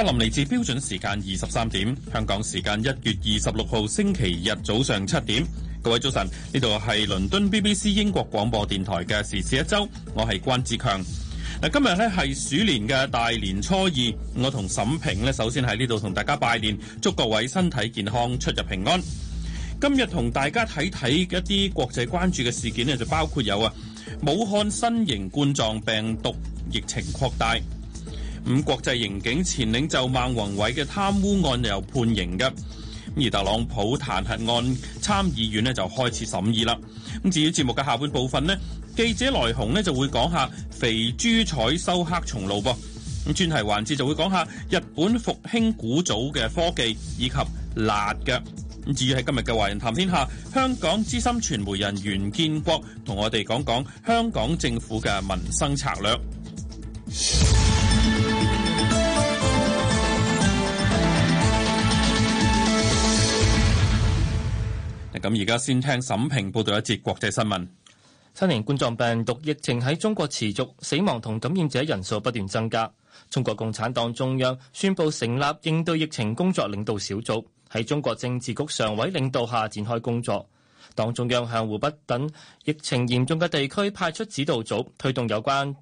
加林嚟自標準時間二十三點，香港時間一月二十六號星期日早上七點。各位早晨，呢度係倫敦 BBC 英國廣播電台嘅時事一周，我係關志強。嗱，今日咧係鼠年嘅大年初二，我同沈平咧首先喺呢度同大家拜年，祝各位身體健康，出入平安。今日同大家睇睇一啲國際關注嘅事件咧，就包括有啊，武漢新型冠狀病毒疫情擴大。咁國際刑警前領袖孟宏偉嘅貪污案由判刑噶，而特朗普彈劾案參議院呢，就開始審議啦。咁至於節目嘅下半部分呢，記者來鴻呢，就會講下肥豬採收黑松露噃。咁專題環節就會講下日本復興古早嘅科技以及辣嘅。咁至於喺今日嘅華人談天下，香港資深傳媒人袁建國同我哋講講香港政府嘅民生策略。咁而家先聽沈平報道一節國際新聞。新型冠狀病毒疫情喺中國持續，死亡同感染者人數不斷增加。中國共產黨中央宣布成立應對疫情工作領導小組，喺中國政治局常委領導下展開工作。黨中央向湖北等疫情嚴重嘅地區派出指導組，推動有關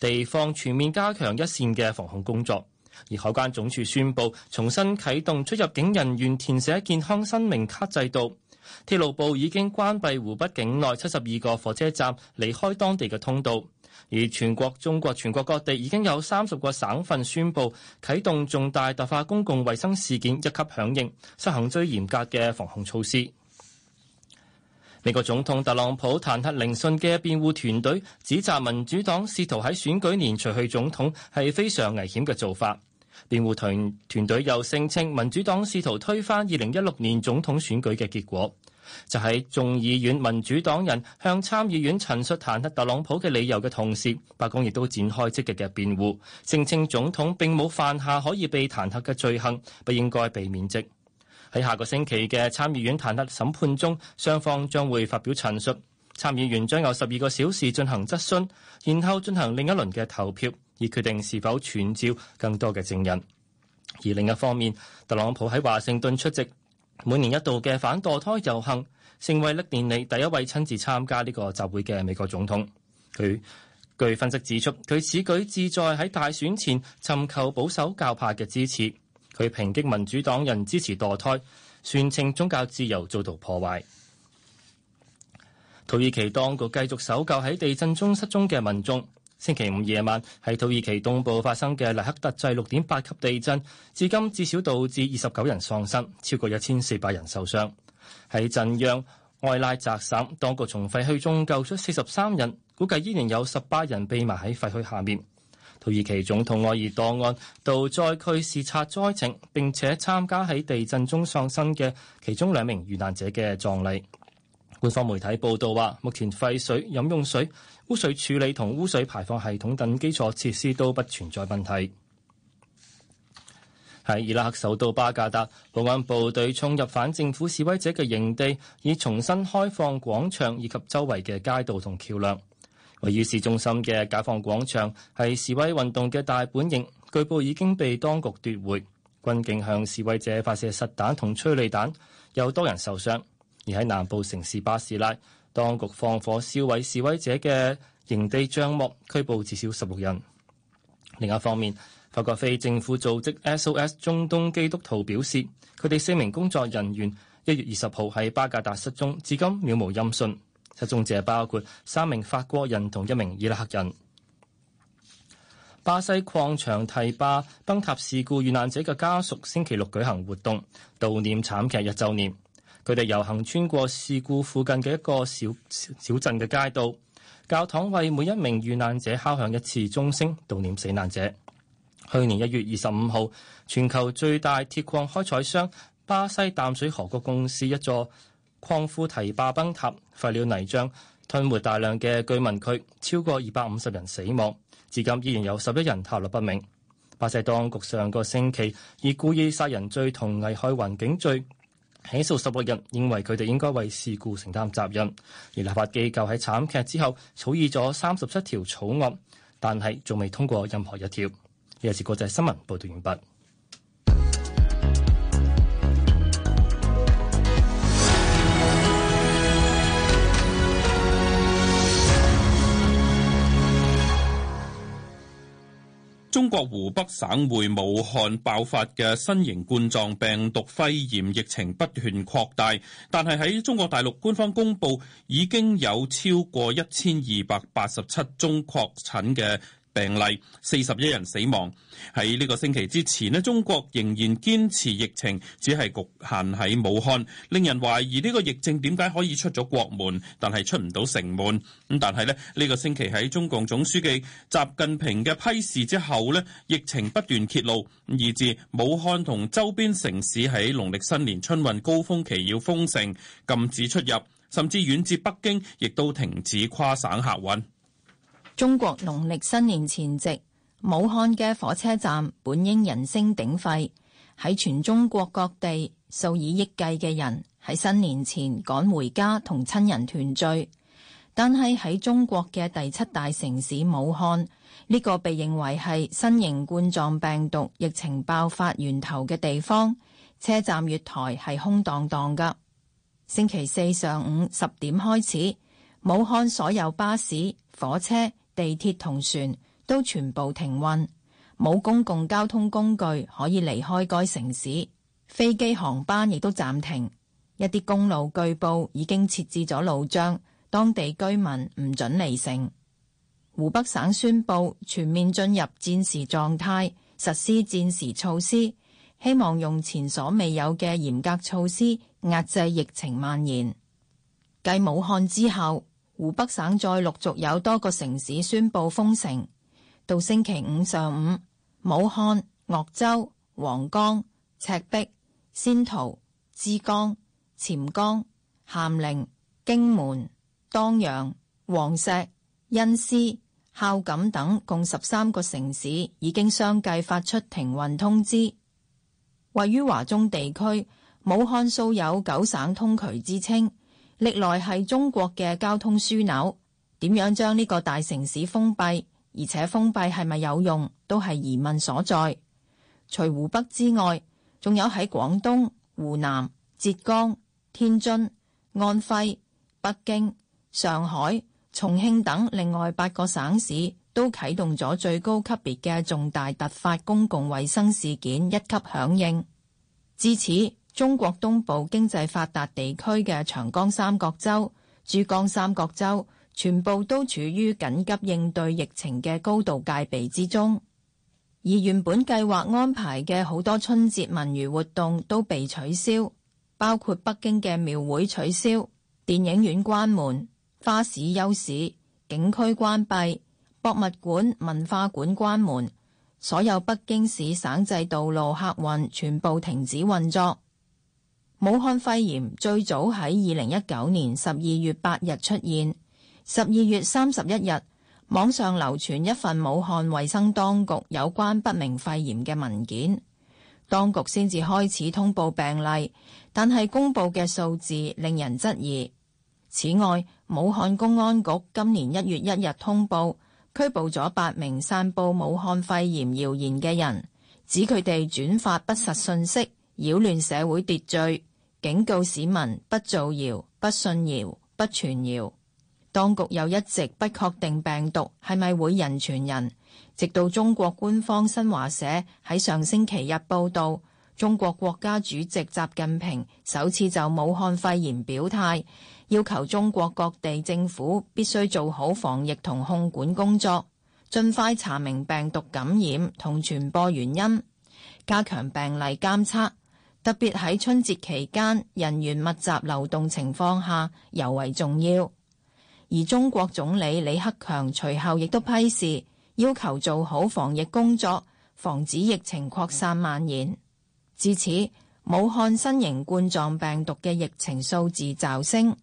地方全面加強一線嘅防控工作。而海關總署宣布重新啟動出入境人員填寫健康申明卡制度。鐵路部已經關閉湖北境內七十二個火車站，離開當地嘅通道。而全國中國全國各地已經有三十個省份宣布啟動重大突發公共衛生事件一級響應，施行最嚴格嘅防控措施。美國總統特朗普彈劾聆訊嘅辯護團隊指責民主黨試圖喺選舉年除去總統係非常危險嘅做法。辯護團團隊又聲稱民主黨試圖推翻二零一六年總統選舉嘅結果。就喺眾議院民主黨人向參議院陳述彈劾特朗普嘅理由嘅同時，白宮亦都展開積極嘅辯護，聲稱總統並冇犯下可以被彈劾嘅罪行，不應該被免職。喺下個星期嘅參議院彈劾審判中，雙方將會發表陳述，參議員將有十二個小時進行質詢，然後進行另一輪嘅投票，以決定是否傳召更多嘅證人。而另一方面，特朗普喺華盛頓出席每年一度嘅反墮胎遊行，成為歷年嚟第一位親自參加呢個集會嘅美國總統。佢據分析指出，佢此舉旨在喺大選前尋求保守教派嘅支持。佢抨擊民主黨人支持墮胎，宣稱宗教自由遭到破壞。土耳其當局繼續搜救喺地震中失蹤嘅民眾。星期五夜晚喺土耳其東部發生嘅黎克特制六點八級地震，至今至少導致二十九人喪生，超過一千四百人受傷。喺震央艾拉扎省，當局從廢墟中救出四十三人，估計依然有十八人被埋喺廢墟下面。土耳其總統艾爾多安到災區視察災情，並且參加喺地震中喪生嘅其中兩名遇難者嘅葬禮。官方媒體報道話，目前廢水飲用水。污水處理同污水排放系統等基礎設施都不存在問題。喺伊拉克首都巴格達，保安部隊衝入反政府示威者嘅營地，以重新開放廣場以及周圍嘅街道同橋梁。位於市中心嘅解放廣場係示威運動嘅大本營，據報已經被當局奪回。軍警向示威者發射實彈同催淚彈，有多人受傷。而喺南部城市巴士拉，當局放火燒毀示威者嘅營地帳幕，拘捕至少十六人。另一方面，法國非政府組織 SOS 中東基督徒表示，佢哋四名工作人員一月二十號喺巴格達失蹤，至今渺無音訊。失蹤者包括三名法國人同一名伊拉克人。巴西礦場堤壩崩塌事故遇難者嘅家屬星期六舉行活動，悼念慘劇一週年。.佢哋遊行穿過事故附近嘅一個小小，小鎮嘅街道，教堂為每一名遇難者敲響一次鐘聲，悼念死難者。去年一月二十五號，全球最大鐵礦開採商巴西淡水河谷公司一座礦庫堤壩崩塌，廢料泥漿吞沒大量嘅居民區，超過二百五十人死亡，至今依然有十一人下落不明。巴西當局上個星期以故意殺人罪同危害環境罪。起訴十六人，認為佢哋應該為事故承擔責任。而立法機構喺慘劇之後草擬咗三十七條草案，但係仲未通過任何一條。呢日是國際新聞報道完畢。中國湖北省會武漢爆發嘅新型冠狀病毒肺炎疫情不斷擴大，但係喺中國大陸官方公布已經有超過一千二百八十七宗確診嘅病例四十一人死亡。喺呢個星期之前呢，中國仍然堅持疫情只係局限喺武漢，令人懷疑呢個疫症點解可以出咗國門，但係出唔到城門。咁但係呢呢個星期喺中共總書記習近平嘅批示之後呢，疫情不斷揭露，以致武漢同周邊城市喺農曆新年春運高峰期要封城、禁止出入，甚至遠至北京亦都停止跨省客運。中國農曆新年前夕，武漢嘅火車站本應人聲鼎沸，喺全中國各地數以億計嘅人喺新年前趕回家同親人團聚。但係喺中國嘅第七大城市武漢，呢個被認為係新型冠狀病毒疫情爆發源頭嘅地方，車站月台係空蕩蕩噶。星期四上午十點開始，武漢所有巴士、火車。地鐵同船都全部停運，冇公共交通工具可以離開該城市。飛機航班亦都暫停，一啲公路據報已經設置咗路障，當地居民唔準離城。湖北省宣布全面進入戰時狀態，實施戰時措施，希望用前所未有嘅嚴格措施壓制疫情蔓延。繼武漢之後。湖北省再陸續有多個城市宣布封城。到星期五上午，武漢、鄂州、黃岡、赤壁、仙桃、枝江、潛江、咸寧、荊門、當陽、黃石、恩施、孝感等共十三個城市已經相繼發出停運通知。位於華中地區，武漢素有九省通衢之稱。歷來係中國嘅交通樞紐，點樣將呢個大城市封閉，而且封閉係咪有用，都係疑問所在。除湖北之外，仲有喺廣東、湖南、浙江、天津、安徽、北京、上海、重慶等另外八個省市都啟動咗最高級別嘅重大突發公共衛生事件一級響應。至此。中國東部經濟發達地區嘅長江三角洲、珠江三角洲，全部都處於緊急應對疫情嘅高度戒備之中。而原本計劃安排嘅好多春節文娛活動都被取消，包括北京嘅廟會取消、電影院關門、花市休市、景區關閉、博物館、文化館關門，所有北京市省際道路客運全部停止運作。武漢肺炎最早喺二零一九年十二月八日出現，十二月三十一日，網上流傳一份武漢衛生當局有關不明肺炎嘅文件，當局先至開始通報病例，但係公布嘅數字令人質疑。此外，武漢公安局今年一月一日通報，拘捕咗八名散布武漢肺炎謠言嘅人，指佢哋轉發不實信息，擾亂社會秩序。警告市民不造謠、不信謠、不傳謠。當局又一直不確定病毒係咪會人傳人，直到中國官方新華社喺上星期日報道，中國國家主席習近平首次就武漢肺炎表態，要求中國各地政府必須做好防疫同控管工作，盡快查明病毒感染同傳播原因，加強病例監測。特別喺春節期間，人員密集流動情況下，尤為重要。而中國總理李克強隨後亦都批示，要求做好防疫工作，防止疫情擴散蔓延。至此，武漢新型冠狀病毒嘅疫情數字驟升。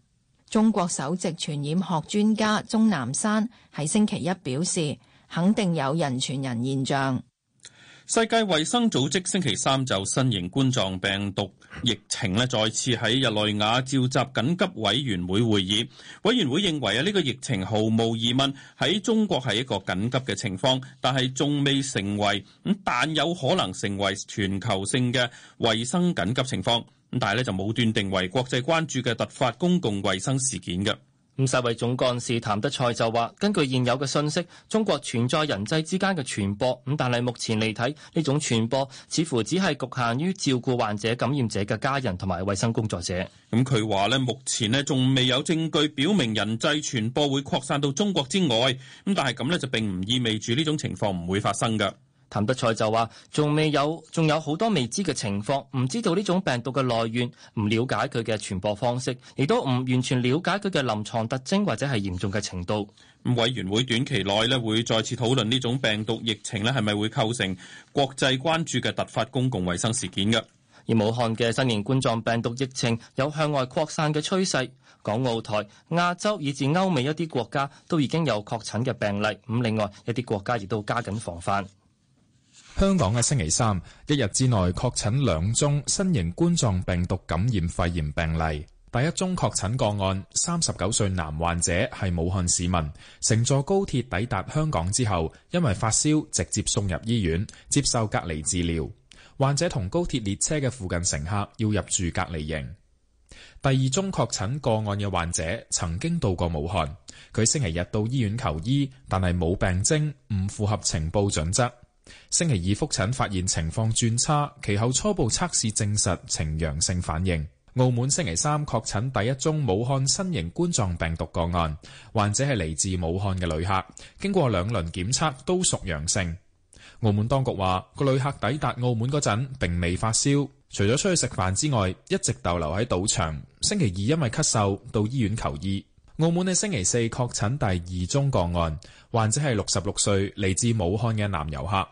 中國首席傳染學專家鍾南山喺星期一表示，肯定有人傳人現象。世界衛生組織星期三就新型冠狀病毒疫情咧，再次喺日內瓦召集緊急委員會會議。委員會認為啊，呢個疫情毫無疑問，喺中國係一個緊急嘅情況，但係仲未成為，但有可能成為全球性嘅衛生緊急情況。但係呢就冇斷定為國際關注嘅突發公共衛生事件。世衛總幹事譚德賽就話，根據現有嘅信息，中國存在人際之間嘅傳播，咁但係目前嚟睇，呢種傳播似乎只係局限於照顧患者、感染者嘅家人同埋衛生工作者。咁佢話咧，目前咧仲未有證據表明人際傳播會擴散到中國之外，咁但係咁咧就並唔意味住呢種情況唔會發生噶。譚德塞就話，仲未有，仲有好多未知嘅情況，唔知道呢種病毒嘅來源，唔了解佢嘅傳播方式，亦都唔完全了解佢嘅臨床特徵或者係嚴重嘅程度。咁委員會短期內咧會再次討論呢種病毒疫情咧係咪會構成國際關注嘅突發公共衛生事件嘅。而武漢嘅新型冠狀病毒疫情有向外擴散嘅趨勢，港澳台、亞洲以至歐美一啲國家都已經有確診嘅病例。咁另外一啲國家亦都加緊防範。香港喺星期三，一日之內確診兩宗新型冠狀病毒感染肺炎病例。第一宗確診個案，三十九歲男患者係武漢市民，乘坐高鐵抵達香港之後，因為發燒直接送入醫院接受隔離治療。患者同高鐵列車嘅附近乘客要入住隔離營。第二宗確診個案嘅患者曾經到過武漢，佢星期日到醫院求醫，但係冇病徵，唔符合情報準則。星期二復診發現情況轉差，其後初步測試證實呈陽性反應。澳門星期三確診第一宗武漢新型冠狀病毒個案，患者係嚟自武漢嘅旅客，經過兩輪檢測都屬陽性。澳門當局話，個旅客抵達澳門嗰陣並未發燒，除咗出去食飯之外，一直逗留喺賭場。星期二因為咳嗽到醫院求醫。澳門喺星期四確診第二宗個案。患者係六十六歲嚟自武漢嘅男遊客。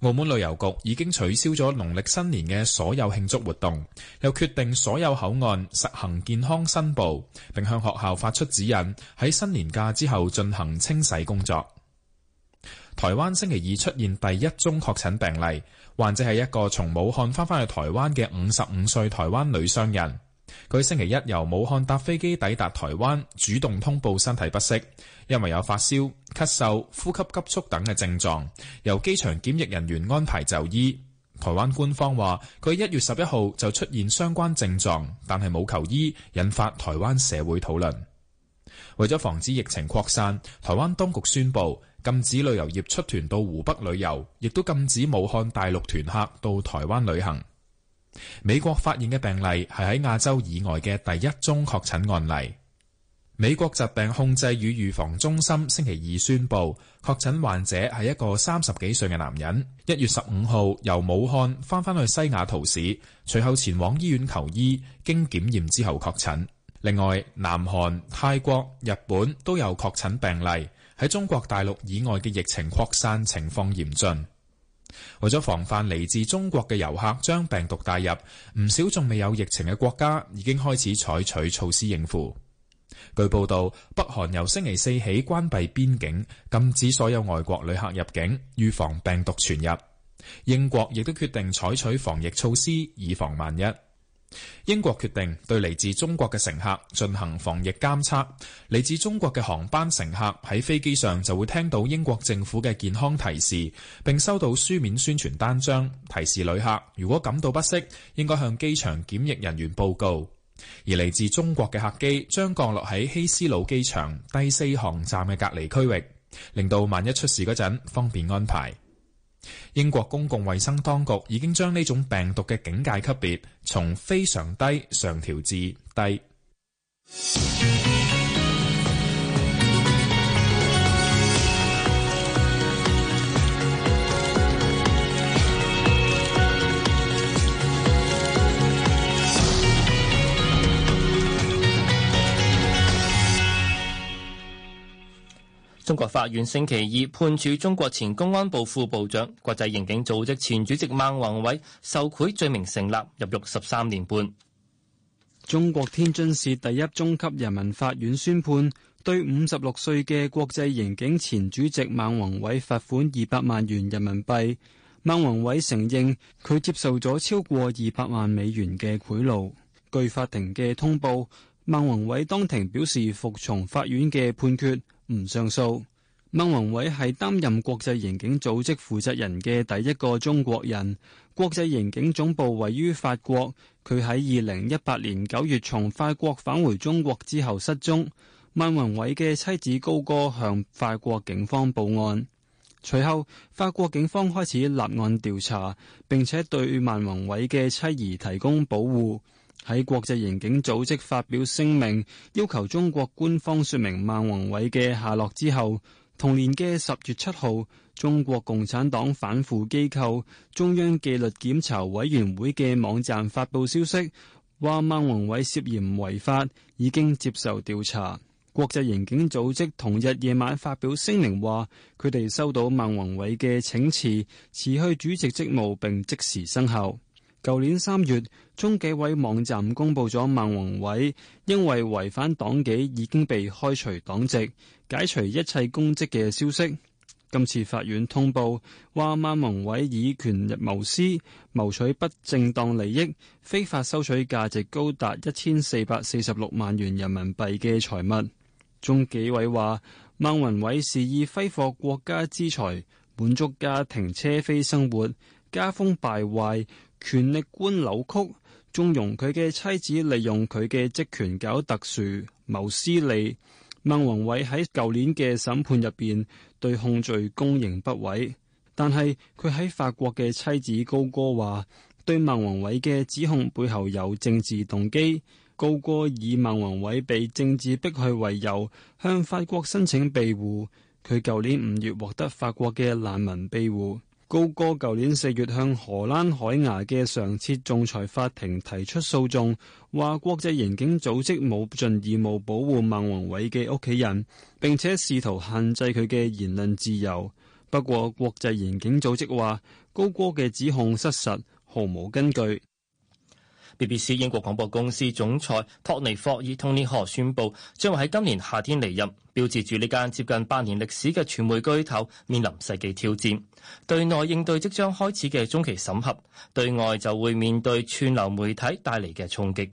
澳門旅遊局已經取消咗農曆新年嘅所有慶祝活動，又決定所有口岸實行健康申報，並向學校發出指引，喺新年假之後進行清洗工作。台灣星期二出現第一宗確診病例，患者係一個從武漢翻返去台灣嘅五十五歲台灣女商人。佢星期一由武漢搭飛機抵達台灣，主動通報身體不適，因為有發燒、咳嗽、呼吸急促等嘅症狀，由機場檢疫人員安排就醫。台灣官方話佢一月十一號就出現相關症狀，但係冇求醫，引發台灣社會討論。為咗防止疫情擴散，台灣當局宣布禁止旅遊業出團到湖北旅遊，亦都禁止武漢大陸團客到台灣旅行。美國發現嘅病例係喺亞洲以外嘅第一宗確診案例。美國疾病控制與預防中心星期二宣佈，確診患者係一個三十幾歲嘅男人，一月十五號由武漢翻返去西雅圖市，隨後前往醫院求醫，經檢驗之後確診。另外，南韓、泰國、日本都有確診病例，喺中國大陸以外嘅疫情擴散情況嚴峻。為咗防範嚟自中國嘅遊客將病毒帶入，唔少仲未有疫情嘅國家已經開始採取措施應付。據報道，北韓由星期四起關閉邊境，禁止所有外國旅客入境，預防病毒傳入。英國亦都決定採取防疫措施，以防萬一。英國決定對嚟自中國嘅乘客進行防疫監測。嚟自中國嘅航班乘客喺飛機上就會聽到英國政府嘅健康提示，並收到書面宣傳單張，提示旅客如果感到不適，應該向機場檢疫人員報告。而嚟自中國嘅客機將降落喺希斯路機場第四航站嘅隔離區域，令到萬一出事嗰陣方便安排。英國公共衛生當局已經將呢種病毒嘅警戒級別從非常低上調至低。中國法院星期二判處中國前公安部副部長、國際刑警組織前主席孟宏偉受賄罪名成立，入獄十三年半。中國天津市第一中級人民法院宣判，對五十六歲嘅國際刑警前主席孟宏偉罰款二百萬元人民幣。孟宏偉承認佢接受咗超過二百萬美元嘅賄賂。據法庭嘅通報，孟宏偉當庭表示服從法院嘅判決。唔上訴。孟宏偉係擔任國際刑警組織負責人嘅第一個中國人。國際刑警總部位於法國。佢喺二零一八年九月從法國返回中國之後失蹤。孟宏偉嘅妻子高歌向法國警方報案，隨後法國警方開始立案調查，並且對孟宏偉嘅妻兒提供保護。喺國際刑警組織發表聲明，要求中國官方說明孟宏偉嘅下落之後，同年嘅十月七號，中國共產黨反腐機構中央紀律檢查委員會嘅網站發布消息，話孟宏偉涉嫌違法，已經接受調查。國際刑警組織同日夜晚發表聲明話，佢哋收到孟宏偉嘅請辭，辭去主席職務，並即時生效。舊年三月，中紀委網站公布咗孟宏偉因為違反黨紀已經被開除黨籍、解除一切公職嘅消息。今次法院通報話孟宏偉以權謀私，謀取不正當利益，非法收取價值高達一千四百四十六萬元人民幣嘅財物。中紀委話孟宏偉肆意揮霍國家資財，滿足家庭車飛生活，家風敗壞。權力觀扭曲，縱容佢嘅妻子利用佢嘅職權搞特殊謀私利。孟宏偉喺舊年嘅審判入邊對控罪供認不諱，但係佢喺法國嘅妻子高歌話，對孟宏偉嘅指控背後有政治動機。高歌以孟宏偉被政治迫害為由，向法國申請庇護。佢舊年五月獲得法國嘅難民庇護。高哥舊年四月向荷蘭海牙嘅常設仲裁法庭提出訴訟，話國際刑警組織冇盡義務保護孟宏偉嘅屋企人，並且試圖限制佢嘅言論自由。不過國際刑警組織話高哥嘅指控失實，毫無根據。BBC 英國廣播公司總裁托尼霍爾通年河宣布，將會喺今年夏天離任，標誌住呢間接近八年歷史嘅傳媒巨頭面臨世紀挑戰。對內應對即將開始嘅中期審核，對外就會面對串流媒體帶嚟嘅衝擊。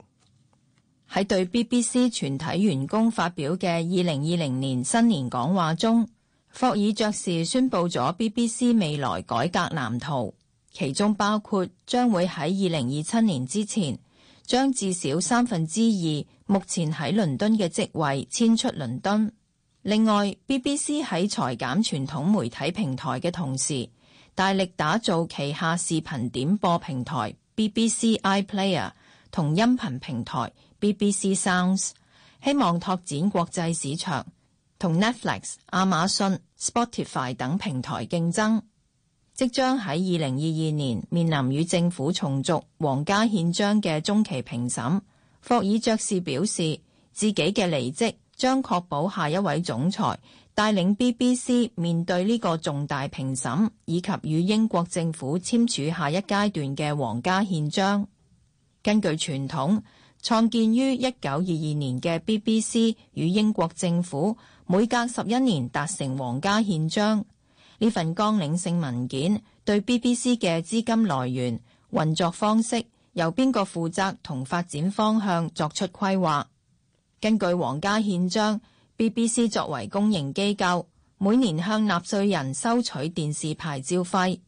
喺對 BBC 全體員工發表嘅二零二零年新年講話中，霍爾爵士宣布咗 BBC 未來改革藍圖。其中包括將會喺二零二七年之前，將至少三分之二目前喺倫敦嘅職位遷出倫敦。另外，BBC 喺裁減傳統媒體平台嘅同時，大力打造旗下視頻點播平台 BBC iPlayer 同音頻平台 BBC Sounds，希望拓展國際市場，同 Netflix、亞馬遜、Spotify 等平台競爭。即將喺二零二二年面臨與政府重續皇家憲章嘅中期評審，霍爾爵士表示自己嘅離職將確保下一位總裁帶領 BBC 面對呢個重大評審，以及與英國政府簽署下一階段嘅皇家憲章。根據傳統，創建於一九二二年嘅 BBC 與英國政府每隔十一年達成皇家憲章。呢份綱領性文件對 BBC 嘅資金來源、運作方式、由邊個負責同發展方向作出規劃。根據皇家憲章，BBC 作為公營機構，每年向納稅人收取電視牌照費。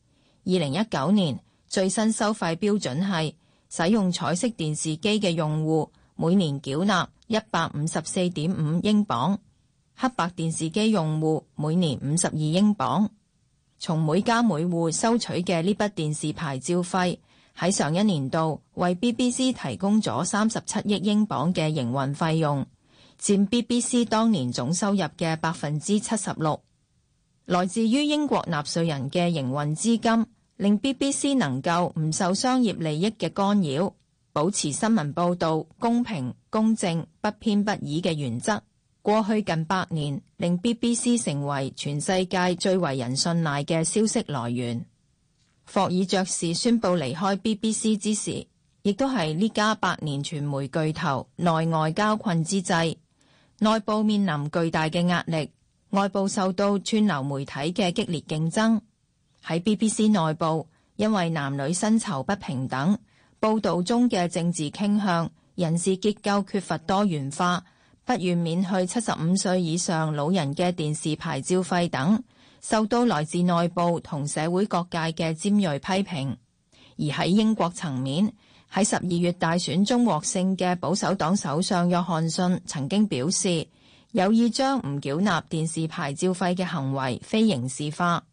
二零一九年最新收費標準係：使用彩色電視機嘅用戶每年繳納一百五十四點五英鎊，黑白電視機用戶每年五十二英鎊。從每家每戶收取嘅呢筆電視牌照費，喺上一年度為 BBC 提供咗三十七億英鎊嘅營運費用，占 BBC 當年總收入嘅百分之七十六。來自於英國納稅人嘅營運資金，令 BBC 能夠唔受商業利益嘅干擾，保持新聞報道公平、公正、不偏不倚嘅原則。過去近百年，令 BBC 成為全世界最為人信賴嘅消息來源。霍爾爵士宣布離開 BBC 之時，亦都係呢家百年傳媒巨頭內外交困之際，內部面臨巨大嘅壓力，外部受到串流媒體嘅激烈競爭。喺 BBC 內部，因為男女薪酬不平等、報道中嘅政治傾向、人事結構缺乏多元化。不願免去七十五歲以上老人嘅電視牌照費等，受到來自內部同社會各界嘅尖銳批評。而喺英國層面，喺十二月大選中獲勝嘅保守黨首相約翰遜曾經表示有意將唔繳納電視牌照費嘅行為非刑事化。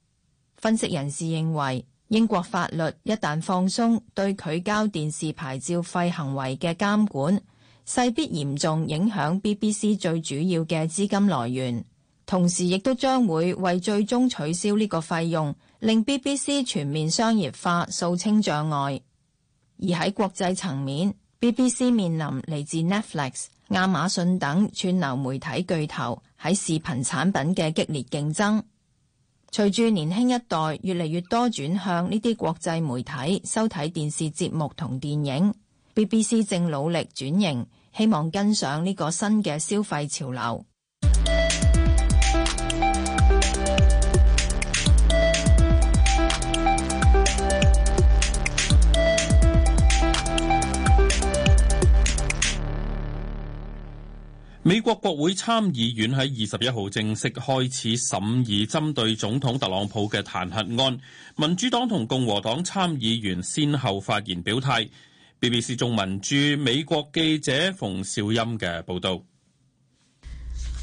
分析人士認為，英國法律一旦放鬆對拒交電視牌照費行為嘅監管。勢必嚴重影響 BBC 最主要嘅資金來源，同時亦都將會為最終取消呢個費用，令 BBC 全面商業化掃清障礙。而喺國際層面，BBC 面臨嚟自 Netflix、亞馬遜等串流媒體巨頭喺視頻產品嘅激烈競爭。隨住年輕一代越嚟越多轉向呢啲國際媒體收睇電視節目同電影，BBC 正努力轉型。希望跟上呢個新嘅消費潮流。美國國會參議院喺二十一號正式開始審議針對總統特朗普嘅彈劾案，民主黨同共和黨參議員先後發言表態。BBC 中文駐美國記者馮兆音嘅報道。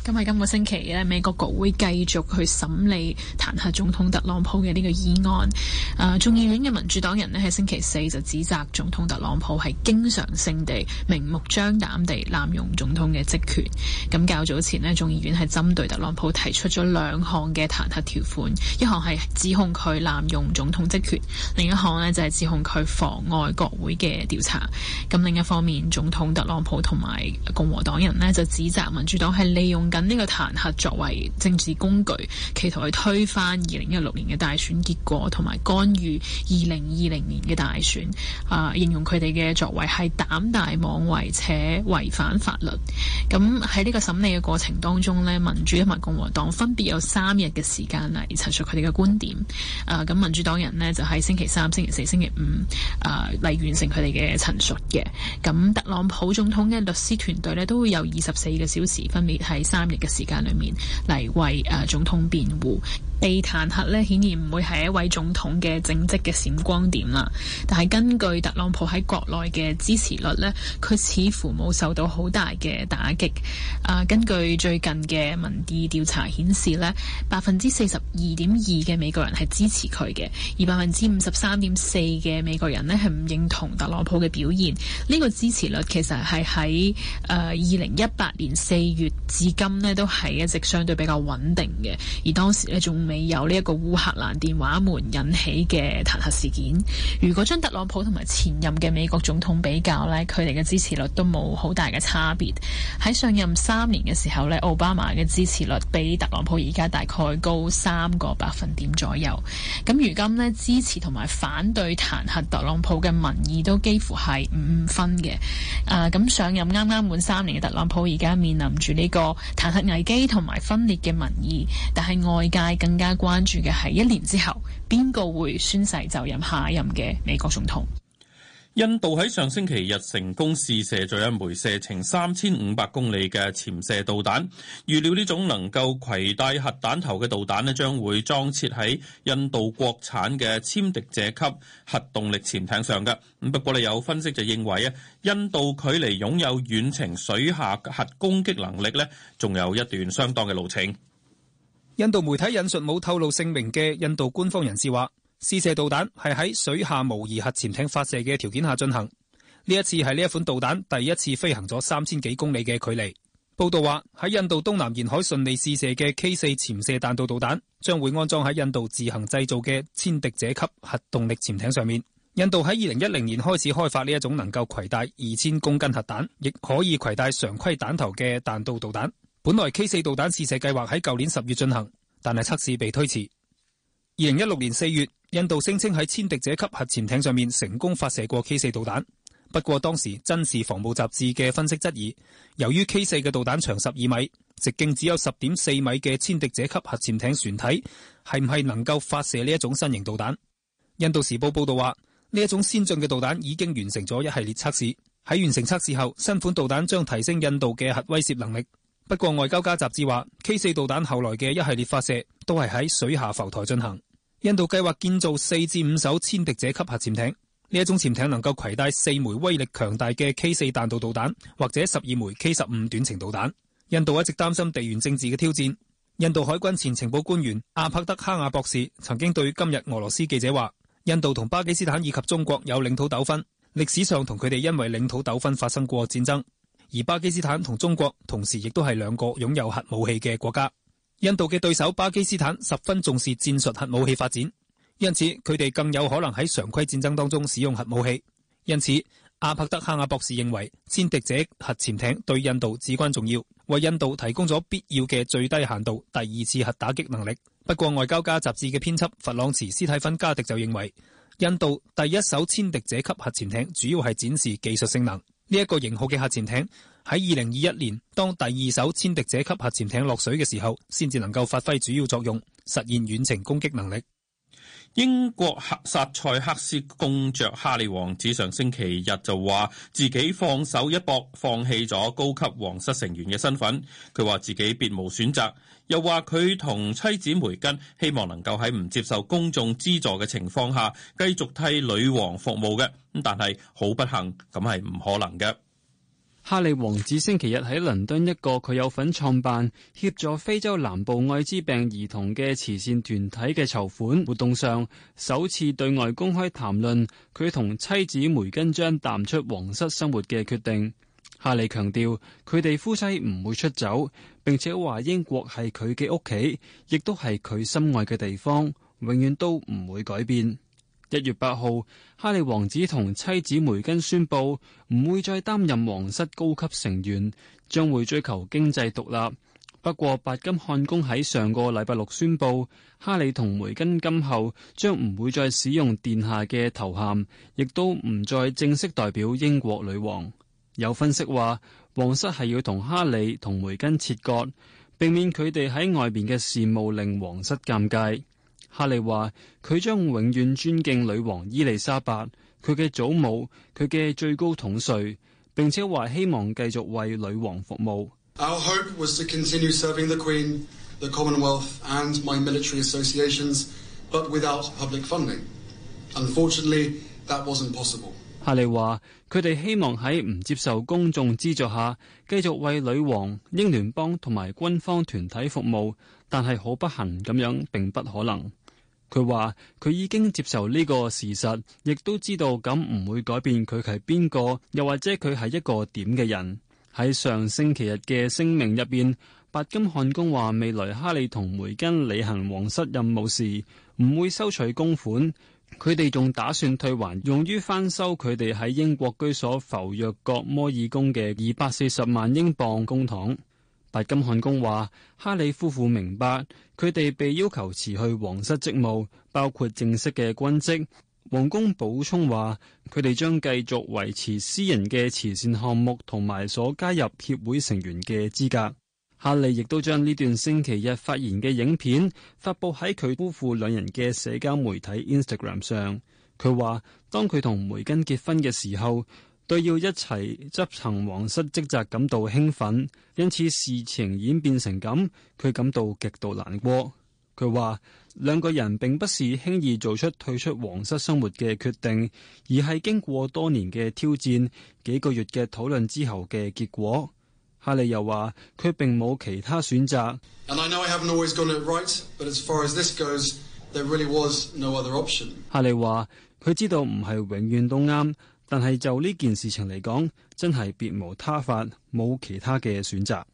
今日今個星期美國國會繼續去審理彈劾總統特朗普嘅呢個議案。啊、呃，眾議院嘅民主黨人咧喺星期四就指責總統特朗普係經常性地明目張膽地濫用總統嘅職權。咁較早前咧，眾議院係針對特朗普提出咗兩項嘅彈劾條款，一項係指控佢濫用總統職權，另一項呢就係、是、指控佢妨礙國會嘅調查。咁另一方面，總統特朗普同埋共和黨人呢就指責民主黨係利用緊呢個彈劾作為政治工具，企圖去推翻二零一六年嘅大選結果，同埋干預二零二零年嘅大選。啊、呃，形容佢哋嘅作為係膽大妄為且違反法律。咁喺呢個審理嘅過程當中咧，民主同埋共和黨分別有三日嘅時間嚟陳述佢哋嘅觀點。啊、呃，咁民主黨人呢，就喺星期三、星期四、星期五啊嚟、呃、完成佢哋嘅陳述嘅。咁、嗯、特朗普總統嘅律師團隊咧都會有二十四個小時分別喺三。三日嘅時間裏面，嚟為誒、呃、總統辯護。被彈劾咧，顯然唔會係一位總統嘅政績嘅閃光點啦。但係根據特朗普喺國內嘅支持率呢，佢似乎冇受到好大嘅打擊啊、呃，根據最近嘅民意調查顯示呢，百分之四十二點二嘅美國人係支持佢嘅，而百分之五十三點四嘅美國人呢，係唔認同特朗普嘅表現。呢、呢個支持率其實係喺誒二零一八年四月至今呢，都係一直相對比較穩定嘅，而當時呢，仲。有呢一個烏克蘭電話門引起嘅彈劾事件，如果將特朗普同埋前任嘅美國總統比較，呢佢哋嘅支持率都冇好大嘅差別。喺上任三年嘅時候，呢奧巴馬嘅支持率比特朗普而家大概高三個百分點左右。咁如今呢，支持同埋反對彈劾特朗普嘅民意都幾乎係五五分嘅。啊、呃，咁上任啱啱滿三年嘅特朗普而家面臨住呢個彈劾危機同埋分裂嘅民意，但係外界更加……而家關注嘅係一年之後，邊個會宣誓就任下一任嘅美國總統？印度喺上星期日成功試射咗一枚射程三千五百公里嘅潛射導彈。預料呢種能夠攜帶核彈頭嘅導彈咧，將會裝設喺印度國產嘅殲敵者級核動力潛艇上嘅。咁不過你有分析就認為啊，印度距離擁有遠程水下核攻擊能力呢，仲有一段相當嘅路程。印度媒體引述冇透露姓名嘅印度官方人士話：試射導彈係喺水下模擬核潛艇發射嘅條件下進行。呢一次係呢一款導彈第一次飛行咗三千幾公里嘅距離。報道話喺印度東南沿海順利試射嘅 K 四潛射彈道導彈，將會安裝喺印度自行製造嘅千敵者級核動力潛艇上面。印度喺二零一零年開始開發呢一種能夠攜帶二千公斤核彈，亦可以攜帶常規彈頭嘅彈道導彈。本來 K 四導彈試射計劃喺舊年十月進行，但係測試被推遲。二零一六年四月，印度聲稱喺千敵者級核潛艇上面成功發射過 K 四導彈。不過當時《真視防務雜誌》嘅分析質疑，由於 K 四嘅導彈長十二米，直徑只有十點四米嘅千敵者級核潛艇船體係唔係能夠發射呢一種新型導彈。印度時報報道話，呢一種先進嘅導彈已經完成咗一系列測試。喺完成測試後，新款導彈將提升印度嘅核威懾能力。不過外交家雜誌話，K 四導彈後來嘅一系列發射都係喺水下浮台進行。印度計劃建造四至五艘殲敵者級核潛艇，呢一種潛艇能夠攜帶四枚威力強大嘅 K 四彈道導彈或者十二枚 K 十五短程導彈。印度一直擔心地緣政治嘅挑戰。印度海軍前情報官員阿帕德哈亞博士曾經對今日俄羅斯記者話，印度同巴基斯坦以及中國有領土糾紛，歷史上同佢哋因為領土糾紛發生過戰爭。而巴基斯坦同中國同時亦都係兩個擁有核武器嘅國家。印度嘅對手巴基斯坦十分重視戰術核武器發展，因此佢哋更有可能喺常規戰爭當中使用核武器。因此，阿帕德哈亞博士認為，殲敵者核潛艇對印度至關重要，為印度提供咗必要嘅最低限度第二次核打擊能力。不過，外交家雜誌嘅編輯弗朗茨斯泰芬加迪就認為，印度第一艘殲敵者級核潛艇主要係展示技術性能。呢一個型號嘅核潛艇喺二零二一年當第二艘殲敵者級核潛艇落水嘅時候，先至能夠發揮主要作用，實現遠程攻擊能力。英國薩塞克斯公爵哈利王子上星期日就話自己放手一搏，放棄咗高級皇室成員嘅身份。佢話自己別無選擇，又話佢同妻子梅根希望能夠喺唔接受公眾資助嘅情況下繼續替女王服務嘅。但係好不幸，咁係唔可能嘅。哈利王子星期日喺倫敦一個佢有份創辦協助非洲南部艾滋病兒童嘅慈善團體嘅籌款活動上，首次對外公開談論佢同妻子梅根將淡出皇室生活嘅決定。哈利強調，佢哋夫妻唔會出走，並且話英國係佢嘅屋企，亦都係佢心愛嘅地方，永遠都唔會改變。一月八號，哈利王子同妻子梅根宣布唔會再擔任皇室高級成員，將會追求經濟獨立。不過，白金漢宮喺上個禮拜六宣布，哈利同梅根今後將唔會再使用殿下嘅頭銜，亦都唔再正式代表英國女王。有分析話，皇室係要同哈利同梅根切割，避免佢哋喺外邊嘅事務令皇室尷尬。哈利話：佢將永遠尊敬女王伊麗莎白，佢嘅祖母，佢嘅最高統帥，並且話希望繼續為女王服務。Our hope was to continue serving the Queen, the Commonwealth and my military associations, but without public funding. Unfortunately, that wasn't possible. 哈利話：佢哋希望喺唔接受公眾資助下繼續為女王、英聯邦同埋軍方團體服務，但係好不幸咁樣，並不可能。佢話：佢已經接受呢個事實，亦都知道咁唔會改變佢係邊個，又或者佢係一個點嘅人。喺上星期日嘅聲明入邊，白金漢宮話未來哈利同梅根履行皇室任務時，唔會收取公款。佢哋仲打算退還用於翻修佢哋喺英國居所浮若閣摩爾宮嘅二百四十萬英鎊公帑。白金漢宮話，哈里夫婦明白佢哋被要求辭去皇室職務，包括正式嘅軍職。皇宮補充話，佢哋將繼續維持私人嘅慈善項目同埋所加入協會成員嘅資格。哈里亦都將呢段星期日發言嘅影片發布喺佢夫婦兩人嘅社交媒體 Instagram 上。佢話，當佢同梅根結婚嘅時候。對要一齊執行皇室職責感到興奮，因此事情演變成咁，佢感到極度難過。佢話兩個人並不是輕易做出退出皇室生活嘅決定，而係經過多年嘅挑戰、幾個月嘅討論之後嘅結果。哈利又話佢並冇其他選擇。And I know I haven't always got it right, but as far as this goes, there really was no other option. 哈利話佢知道唔係永遠都啱。但係就呢件事情嚟講，真係別無他法，冇其他嘅選擇。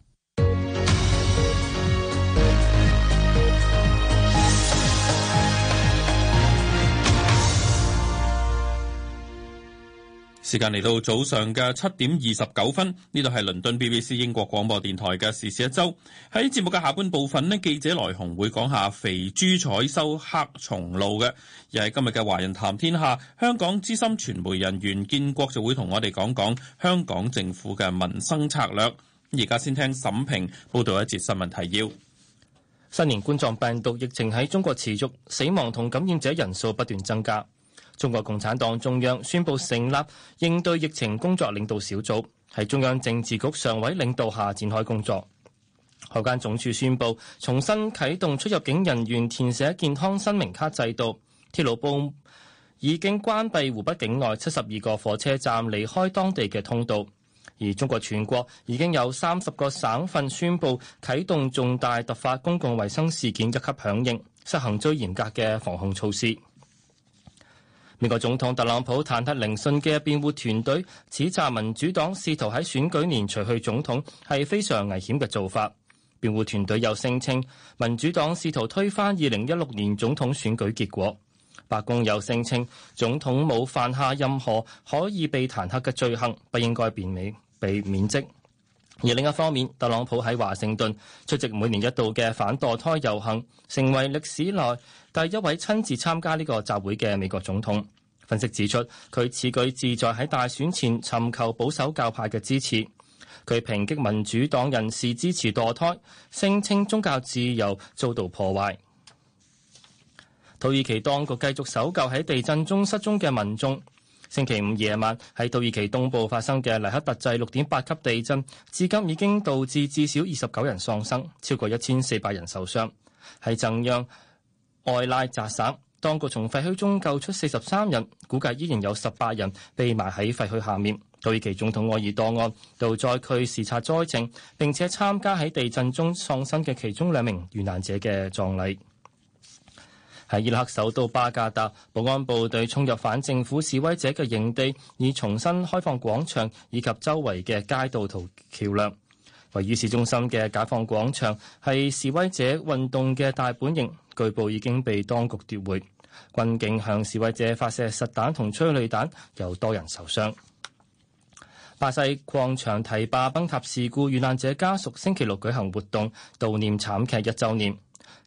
時間嚟到早上嘅七點二十九分，呢度係倫敦 BBC 英國廣播電台嘅時事一周。喺節目嘅下半部分呢，記者來鴻會講下肥豬採收黑松露嘅，又係今日嘅華人談天下。香港資深傳媒人袁建國就會同我哋講講香港政府嘅民生策略。而家先聽沈平報道一節新聞提要。新型冠狀病毒疫情喺中國持續，死亡同感染者人數不斷增加。中國共產黨中央宣布成立應對疫情工作領導小組，喺中央政治局常委領導下展開工作。海關總署宣布重新啟動出入境人員填寫健康申明卡制度。鐵路部已經關閉湖北境內七十二個火車站離開當地嘅通道。而中國全國已經有三十個省份宣布啟動重大突發公共衛生事件一級響應，實行最嚴格嘅防控措施。美國總統特朗普彈劾聆訊嘅辯護團隊指責民主黨試圖喺選舉年除去總統，係非常危險嘅做法。辯護團隊又聲稱民主黨試圖推翻二零一六年總統選舉結果。白宮又聲稱總統冇犯下任何可以被彈劾嘅罪行，不應該辯美被免職。而另一方面，特朗普喺華盛頓出席每年一度嘅反墮胎遊行，成為歷史內第一位親自參加呢個集會嘅美國總統。分析指出，佢此舉旨在喺大選前尋求保守教派嘅支持。佢抨擊民主黨人士支持墮胎，聲稱宗教自由遭到破壞。土耳其當局繼續搜救喺地震中失蹤嘅民眾。星期五夜晚喺土耳其東部發生嘅黎克特制六點八級地震，至今已經導致至少二十九人喪生，超過一千四百人受傷。係震央艾拉扎省，當局從廢墟中救出四十三人，估計依然有十八人被埋喺廢墟下面。土耳其總統阿爾多安到災區視察災情，並且參加喺地震中喪生嘅其中兩名遇難者嘅葬禮。喺伊拉克首都巴格達，保安部隊衝入反政府示威者嘅營地，以重新開放廣場以及周圍嘅街道同橋梁。位於市中心嘅解放廣場係示威者運動嘅大本營，據報已經被當局奪回。軍警向示威者發射實彈同催淚彈，有多人受傷。巴西礦場堤壩崩塌事故遇難者家屬星期六舉行活動，悼念慘劇一週年。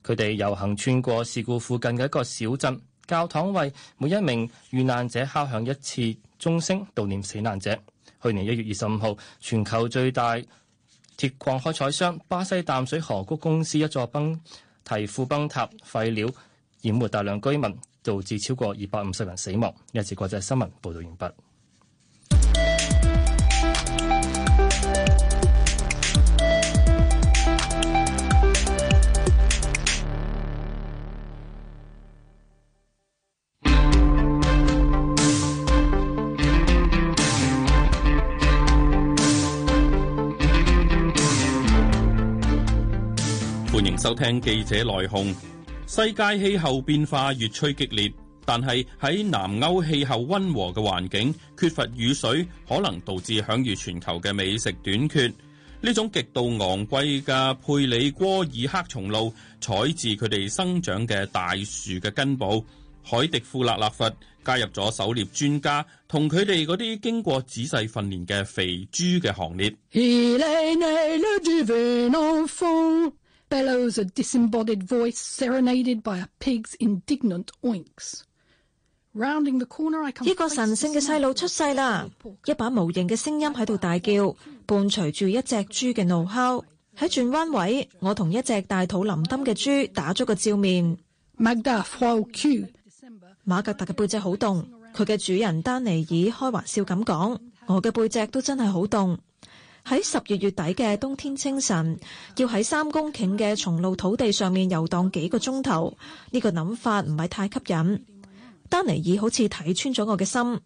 佢哋遊行穿過事故附近嘅一個小鎮，教堂為每一名遇難者敲響一次鐘聲悼念死難者。去年一月二十五號，全球最大鐵礦開採商巴西淡水河谷公司一座崩堤庫崩塌，廢料淹沒大量居民，導致超過二百五十人死亡。呢一次國際新聞報導完畢。收聽記者內控。世界氣候變化越趨激烈，但係喺南歐氣候溫和嘅環境，缺乏雨水可能導致享譽全球嘅美食短缺。呢種極度昂貴嘅佩里戈爾黑松露，採自佢哋生長嘅大樹嘅根部。海迪庫勒勒佛加入咗狩獵專家同佢哋嗰啲經過仔細訓練嘅肥豬嘅行列。 A Bellows a disembodied voice, serenaded by a pig's indignant oinks. Rounding the corner, I come 一個神聖嘅細路出世啦！一把無形嘅聲音喺度大叫，伴隨住一隻豬嘅怒吼。喺轉彎位，我同一隻大肚林登嘅豬打咗個照面。瑪格達，馬格達嘅背脊好凍，佢嘅主人丹尼爾開玩笑咁講：我嘅背脊都真係好凍。喺十二月底嘅冬天清晨，要喺三公頃嘅松露土地上面遊蕩幾個鐘頭，呢個諗法唔係太吸引。丹尼爾好似睇穿咗我嘅心，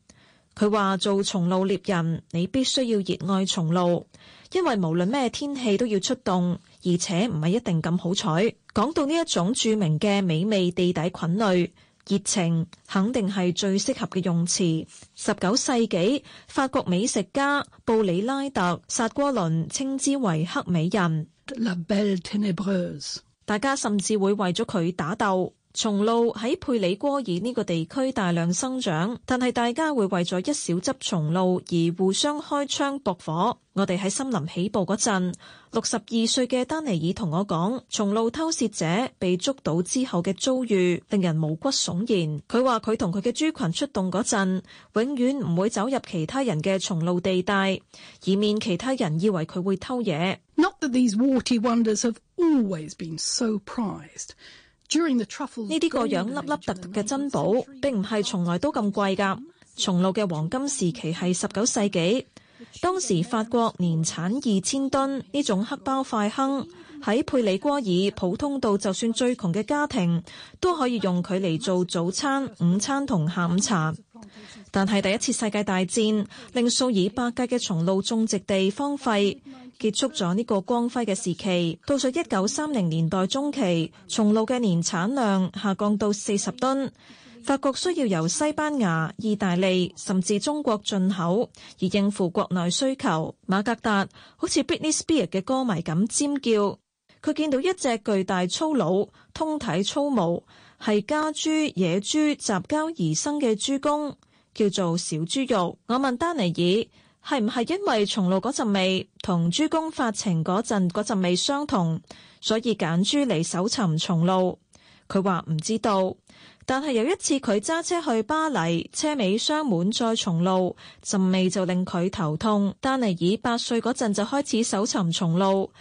佢話做松露獵人，你必須要熱愛松露，因為無論咩天氣都要出動，而且唔係一定咁好彩。講到呢一種著名嘅美味地底菌類。熱情肯定係最適合嘅用詞。十九世紀法國美食家布里拉特·薩哥倫稱之為黑美人，大家甚至會為咗佢打鬥。松露喺佩里戈爾呢個地區大量生長，但係大家會為咗一小執松露而互相開槍駁火。我哋喺森林起步嗰陣，六十二歲嘅丹尼爾同我講，松露偷竊者被捉到之後嘅遭遇令人毛骨悚然。佢話佢同佢嘅豬群出動嗰陣，永遠唔會走入其他人嘅松露地帶，以免其他人以為佢會偷嘢。Not that these 呢啲個樣粒粒凸凸嘅珍寶並唔係從來都咁貴㗎。松露嘅黃金時期係十九世紀，當時法國年產二千噸，呢種黑包快亨喺佩里戈爾普通到就算最窮嘅家庭都可以用佢嚟做早餐、午餐同下午茶。但係第一次世界大戰令數以百計嘅松露種植地荒廢。結束咗呢個光輝嘅時期，到咗一九三零年代中期，松露嘅年產量下降到四十噸，法國需要由西班牙、意大利甚至中國進口，而應付國內需求。瑪格達好似《Britney Spears》嘅歌迷咁尖叫，佢見到一隻巨大粗魯、通體粗毛，係家豬、野豬雜交而生嘅豬公，叫做小豬肉。我問丹尼爾。係唔係因為松露嗰陣味同豬公發情嗰陣陣味相同，所以揀豬嚟搜尋松露？佢話唔知道，但係有一次佢揸車去巴黎，車尾箱滿載松露，陣味就令佢頭痛。丹尼爾八歲嗰陣就開始搜尋松露，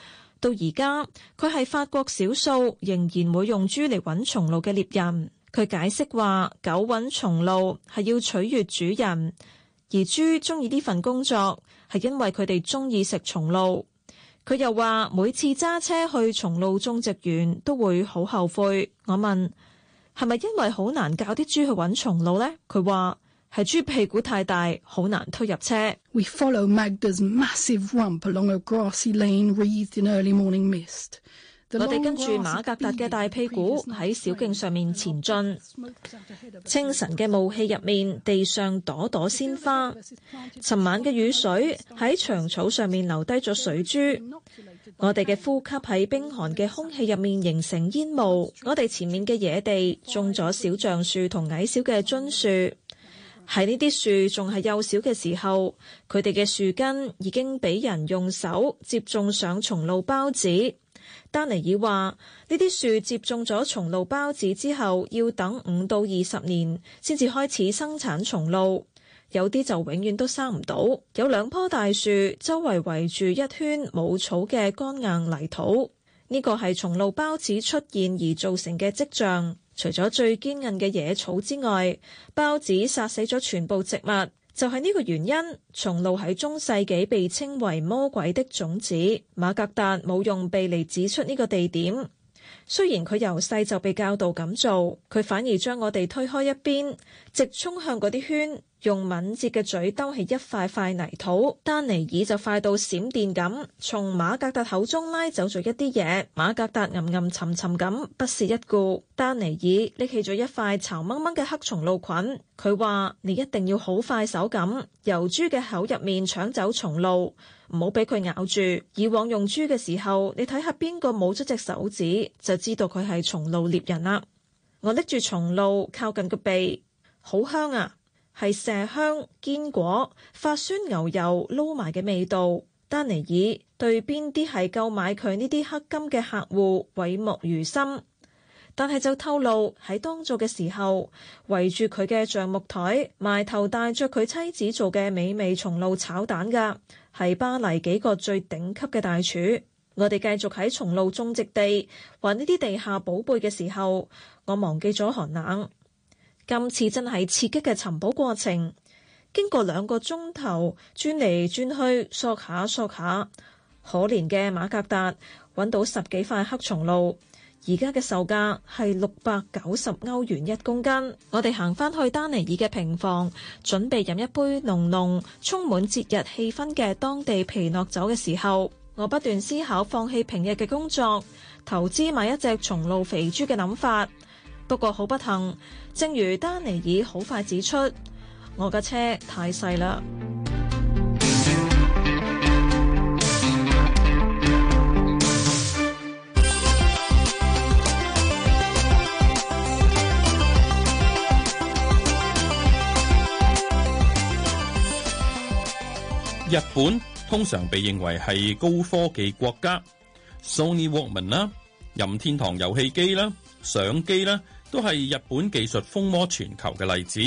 到而家佢係法國少數仍然會用豬嚟揾松露嘅獵人。佢解釋話，狗揾松露係要取悅主人。而豬鍾意呢份工作係因為佢哋鍾意食松露。佢又話每次揸車去松露種植園都會好後悔。我問係咪因為好難教啲豬去揾松露呢？佢話係豬屁股太大，好難推入車。We 我哋跟住瑪格達嘅大屁股喺小徑上面前進。清晨嘅霧氣入面，地上朵朵鮮花。尋晚嘅雨水喺長草上面留低咗水珠。我哋嘅呼吸喺冰寒嘅空氣入面形成煙霧。我哋前面嘅野地種咗小橡樹同矮小嘅樽樹。喺呢啲樹仲係幼小嘅時候，佢哋嘅樹根已經俾人用手接種上松露孢子。丹尼爾話：呢啲樹接種咗松露孢子之後，要等五到二十年先至開始生產松露，有啲就永遠都生唔到。有兩棵大樹周圍圍住一圈冇草嘅乾硬泥土，呢個係松露孢子出現而造成嘅跡象。除咗最堅韌嘅野草之外，孢子殺死咗全部植物。就係呢個原因，松露喺中世紀被稱為魔鬼的種子，馬格達冇用鼻嚟指出呢個地點。雖然佢由細就被教導咁做，佢反而將我哋推開一邊，直衝向嗰啲圈。用敏捷嘅嘴兜起一塊塊泥土，丹尼爾就快到閃電咁，從馬格達口中拉走咗一啲嘢。馬格達暗暗沉沉咁，不屑一顧。丹尼爾拎起咗一塊巢掹掹嘅黑松露菌，佢話：你一定要好快手咁，由豬嘅口入面搶走松露，唔好俾佢咬住。以往用豬嘅時候，你睇下邊個冇咗隻手指，就知道佢係松露獵人啦。我拎住松露靠近個鼻，好香啊！係麝香堅果、發酸牛油撈埋嘅味道。丹尼爾對邊啲係購買佢呢啲黑金嘅客戶，諱莫如深。但係就透露喺當造嘅時候，圍住佢嘅橡木台，埋頭帶着佢妻子做嘅美味松露炒蛋㗎，係巴黎幾個最頂級嘅大廚。我哋繼續喺松露種植地揾呢啲地下寶貝嘅時候，我忘記咗寒冷。今次真係刺激嘅尋寶過程，經過兩個鐘頭轉嚟轉去，索下索下，可憐嘅馬格達揾到十幾塊黑松露，而家嘅售價係六百九十歐元一公斤。我哋行返去丹尼爾嘅平房，準備飲一杯濃濃充滿節日氣氛嘅當地皮諾酒嘅時候，我不斷思考放棄平日嘅工作，投資買一隻松露肥豬嘅諗法。不過好不幸，正如丹尼爾好快指出，我嘅車太細啦。日本通常被認為係高科技國家，Sony Walkman 啦，任天堂遊戲機啦。相機咧，都係日本技術風魔全球嘅例子。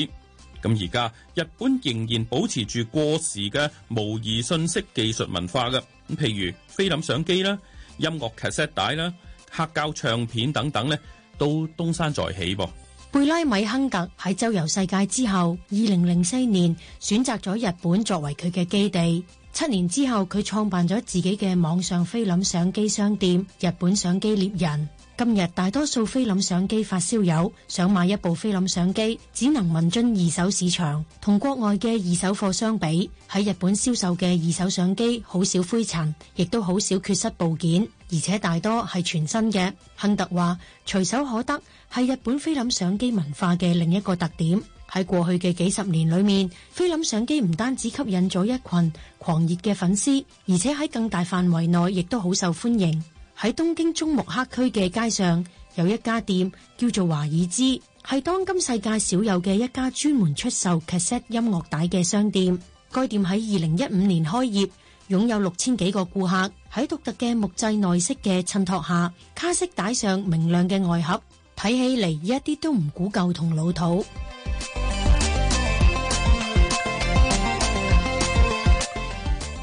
咁而家日本仍然保持住過時嘅模擬信息技術文化嘅，譬如菲林相機啦、音樂 cassette 帶啦、黑膠唱片等等呢都東山再起噃。貝拉米亨格喺周遊世界之後，二零零四年選擇咗日本作為佢嘅基地。七年之後，佢創辦咗自己嘅網上菲林相機商店——日本相機獵人。今日大多數菲林相機發燒友想買一部菲林相機，只能問津二手市場。同國外嘅二手貨相比，喺日本銷售嘅二手相機好少灰塵，亦都好少缺失部件，而且大多係全新嘅。亨特話：隨手可得係日本菲林相機文化嘅另一個特點。喺過去嘅幾十年裏面，菲林相機唔單止吸引咗一群狂熱嘅粉絲，而且喺更大範圍內亦都好受歡迎。喺東京中目黑區嘅街上，有一家店叫做華爾茲，係當今世界少有嘅一家專門出售卡式音樂帶嘅商店。該店喺二零一五年開業，擁有六千幾個顧客。喺獨特嘅木製內飾嘅襯托下，卡式帶上明亮嘅外盒，睇起嚟一啲都唔古舊同老土。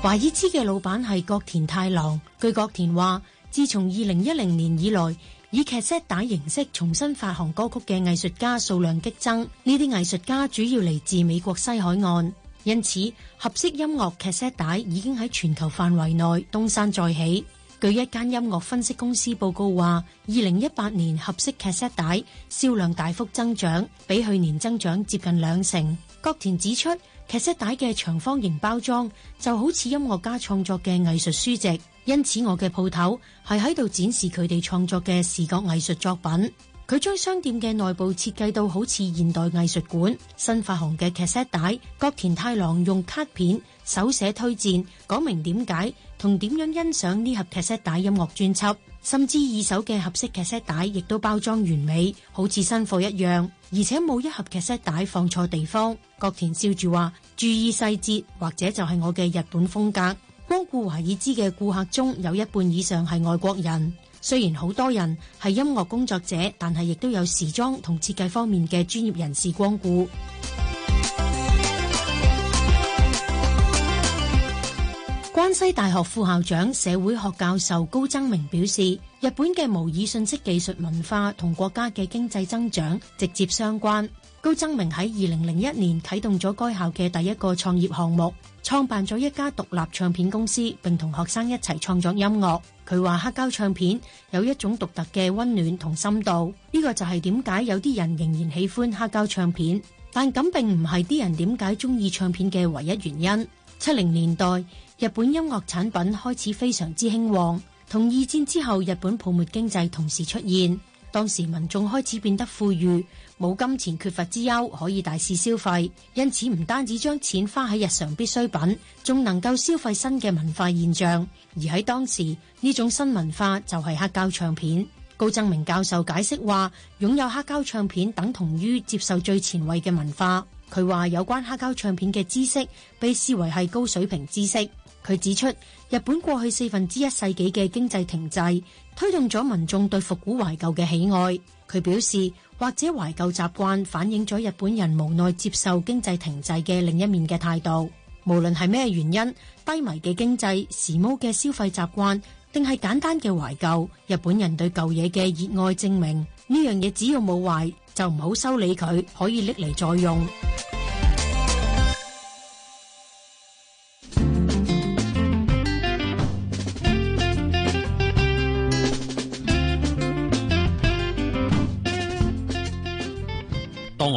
華爾茲嘅老闆係國田太郎，據國田話。自從二零一零年以來，以劇 set 帶形式重新發行歌曲嘅藝術家數量激增。呢啲藝術家主要嚟自美國西海岸，因此合式音樂劇 set 帶已經喺全球範圍內東山再起。據一間音樂分析公司報告話，二零一八年合式劇 set 帶銷量大幅增長，比去年增長接近兩成。國田指出。卡式帶嘅長方形包裝就好似音樂家創作嘅藝術書籍，因此我嘅鋪頭係喺度展示佢哋創作嘅視覺藝術作品。佢將商店嘅內部設計到好似現代藝術館。新發行嘅卡式帶，角田太郎用卡片手寫推薦，講明點解同點樣欣賞呢盒卡式帶音樂專輯，甚至二手嘅合適卡式帶亦都包裝完美，好似新貨一樣。而且冇一盒劇 set 帶放錯地方。國田笑住話：「注意細節，或者就係我嘅日本風格。光顧華爾茲嘅顧客中有一半以上係外國人。雖然好多人係音樂工作者，但係亦都有時裝同設計方面嘅專業人士光顧。關西大學副校長、社會學教授高增明表示，日本嘅模擬信息技術文化同國家嘅經濟增長直接相關。高增明喺二零零一年啟動咗該校嘅第一個創業項目，創辦咗一家獨立唱片公司，並同學生一齊創作音樂。佢話黑膠唱片有一種獨特嘅溫暖同深度，呢個就係點解有啲人仍然喜歡黑膠唱片。但咁並唔係啲人點解中意唱片嘅唯一原因。七零年代，日本音樂產品開始非常之興旺，同二戰之後日本泡沫經濟同時出現。當時民眾開始變得富裕，冇金錢缺乏之憂，可以大肆消費。因此唔單止將錢花喺日常必需品，仲能夠消費新嘅文化現象。而喺當時呢種新文化就係黑膠唱片。高增明教授解釋話，擁有黑膠唱片等同於接受最前衛嘅文化。佢話有關黑膠唱片嘅知識被視為係高水平知識。佢指出，日本過去四分之一世紀嘅經濟停滯，推動咗民眾對復古懷舊嘅喜愛。佢表示，或者懷舊習慣反映咗日本人無奈接受經濟停滯嘅另一面嘅態度。無論係咩原因，低迷嘅經濟、時髦嘅消費習慣，定係簡單嘅懷舊，日本人對舊嘢嘅熱愛，證明呢樣嘢只要冇壞，就唔好修理佢，可以拎嚟再用。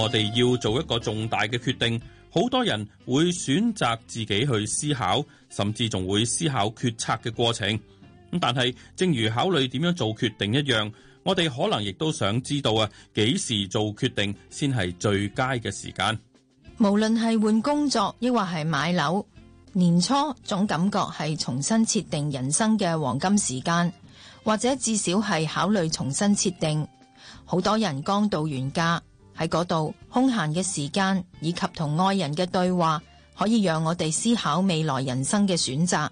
我哋要做一個重大嘅決定，好多人會選擇自己去思考，甚至仲會思考決策嘅過程。咁但係，正如考慮點樣做決定一樣，我哋可能亦都想知道啊，幾時做決定先係最佳嘅時間。無論係換工作，抑或係買樓，年初總感覺係重新設定人生嘅黃金時間，或者至少係考慮重新設定。好多人剛到完假。喺嗰度空閒嘅時間以及同愛人嘅對話，可以讓我哋思考未來人生嘅選擇。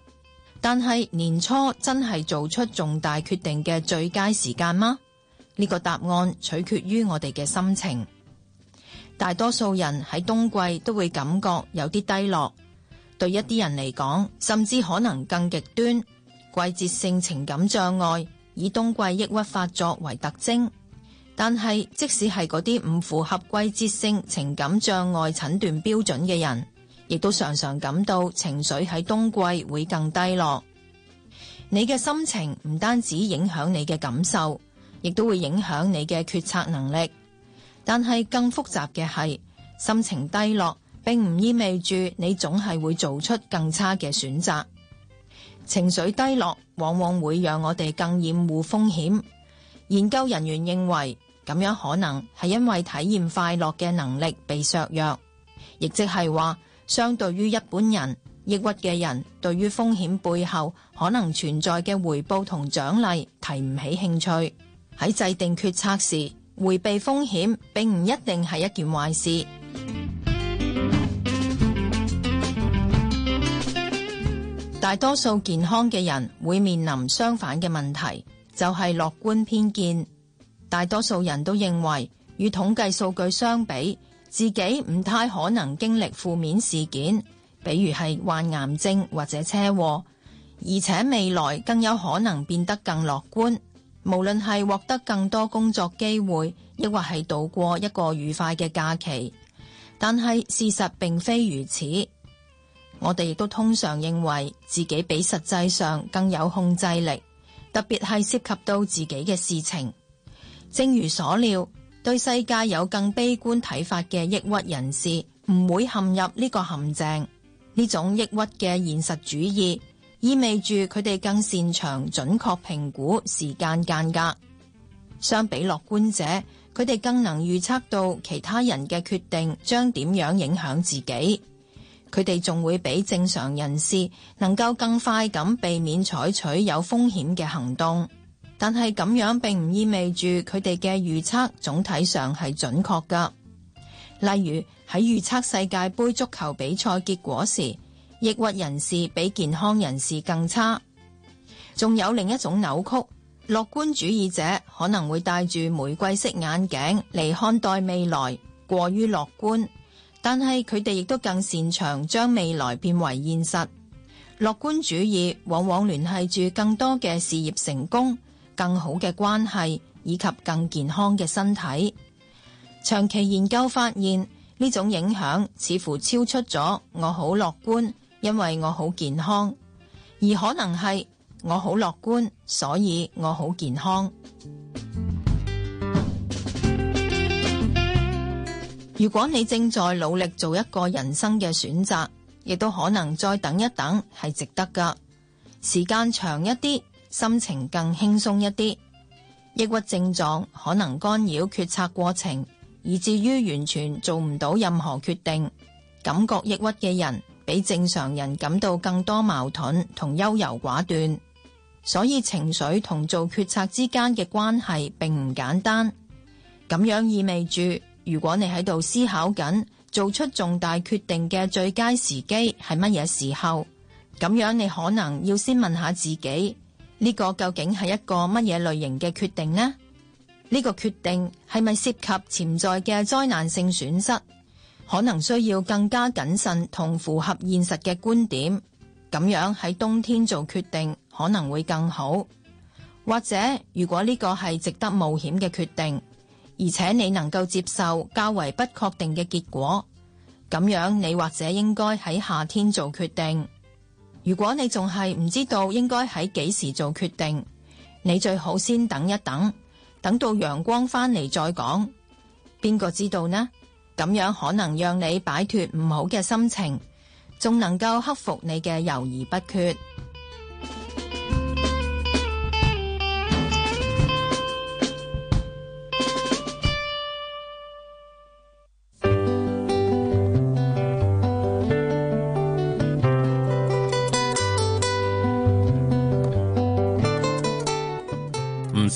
但係年初真係做出重大決定嘅最佳時間嗎？呢個答案取決於我哋嘅心情。大多數人喺冬季都會感覺有啲低落，對一啲人嚟講，甚至可能更極端。季節性情感障礙以冬季抑鬱發作為特徵。但係，即使係嗰啲唔符合季節性情感障礙診斷標準嘅人，亦都常常感到情緒喺冬季會更低落。你嘅心情唔單止影響你嘅感受，亦都會影響你嘅決策能力。但係更複雜嘅係，心情低落並唔意味住你總係會做出更差嘅選擇。情緒低落往往會讓我哋更厭惡風險。研究人員認為，咁樣可能係因為體驗快樂嘅能力被削弱，亦即係話，相對於一般人，抑鬱嘅人對於風險背後可能存在嘅回報同獎勵提唔起興趣。喺制定決策時，回避風險並唔一定係一件壞事。大多數健康嘅人會面臨相反嘅問題。就係樂觀偏見，大多數人都認為與統計數據相比，自己唔太可能經歷負面事件，比如係患癌症或者車禍，而且未來更有可能變得更樂觀，無論係獲得更多工作機會，抑或係度過一個愉快嘅假期。但係事實並非如此，我哋亦都通常認為自己比實際上更有控制力。特別係涉及到自己嘅事情，正如所料，對世界有更悲觀睇法嘅抑鬱人士唔會陷入呢個陷阱。呢種抑鬱嘅現實主義意味住佢哋更擅長準確評估時間間隔。相比樂觀者，佢哋更能預測到其他人嘅決定將點樣影響自己。佢哋仲會比正常人士能夠更快咁避免採取有風險嘅行動，但係咁樣並唔意味住佢哋嘅預測總體上係準確㗎。例如，喺預測世界盃足球比賽結果時，抑鬱人士比健康人士更差。仲有另一種扭曲，樂觀主義者可能會戴住玫瑰色眼鏡嚟看待未來，過於樂觀。但係佢哋亦都更擅長將未來變為現實。樂觀主義往往聯繫住更多嘅事業成功、更好嘅關係以及更健康嘅身體。長期研究發現，呢種影響似乎超出咗我好樂觀，因為我好健康，而可能係我好樂觀，所以我好健康。如果你正在努力做一個人生嘅選擇，亦都可能再等一等係值得㗎。時間長一啲，心情更輕鬆一啲。抑鬱症狀可能干擾決策過程，以至於完全做唔到任何決定。感覺抑鬱嘅人比正常人感到更多矛盾同優柔寡斷。所以情緒同做決策之間嘅關係並唔簡單。咁樣意味住，如果你喺度思考緊做出重大決定嘅最佳時機係乜嘢時候，咁樣你可能要先問下自己，呢個究竟係一個乜嘢類型嘅決定呢？呢個決定係咪涉及潛在嘅災難性損失？可能需要更加謹慎同符合現實嘅觀點。咁樣喺冬天做決定可能會更好。或者，如果呢個係值得冒險嘅決定。而且你能夠接受較為不確定嘅結果，咁樣你或者應該喺夏天做決定。如果你仲係唔知道應該喺幾時做決定，你最好先等一等，等到陽光返嚟再講。邊個知道呢？咁樣可能讓你擺脫唔好嘅心情，仲能夠克服你嘅猶豫不決。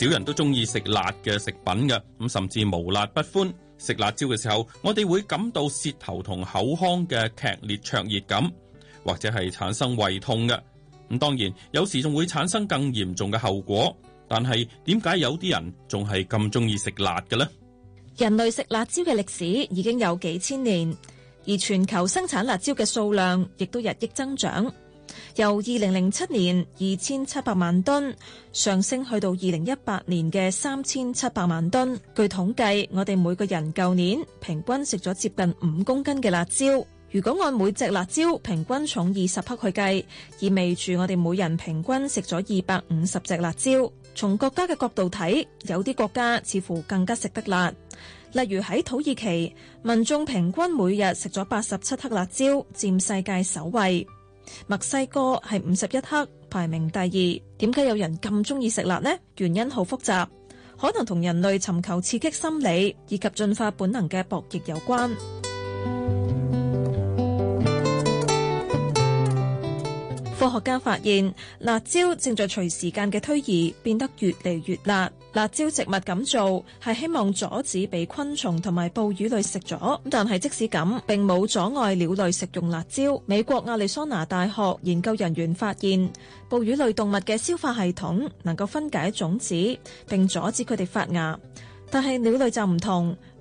好多人都中意食辣嘅食品嘅，咁甚至無辣不歡。食辣椒嘅時候，我哋會感到舌頭同口腔嘅劇烈灼熱感，或者係產生胃痛嘅。咁當然，有時仲會產生更嚴重嘅後果。但係點解有啲人仲係咁中意食辣嘅呢？人類食辣椒嘅歷史已經有幾千年，而全球生產辣椒嘅數量亦都日益增長。由二零零七年二千七百萬噸上升去到二零一八年嘅三千七百萬噸。據統計，我哋每個人舊年平均食咗接近五公斤嘅辣椒。如果按每隻辣椒平均重二十克去計，意味住我哋每人平均食咗二百五十隻辣椒。從國家嘅角度睇，有啲國家似乎更加食得辣，例如喺土耳其，民眾平均每日食咗八十七克辣椒，佔世界首位。墨西哥係五十一克，排名第二。點解有人咁中意食辣呢？原因好複雜，可能同人類尋求刺激心理以及進化本能嘅博弈有關。科學家發現，辣椒正在隨時間嘅推移變得越嚟越辣。辣椒植物咁做係希望阻止被昆蟲同埋哺乳類食咗，但係即使咁並冇阻礙鳥類食用辣椒。美國亞利桑那大學研究人員發現，哺乳類動物嘅消化系統能夠分解種子並阻止佢哋發芽，但係鳥類就唔同。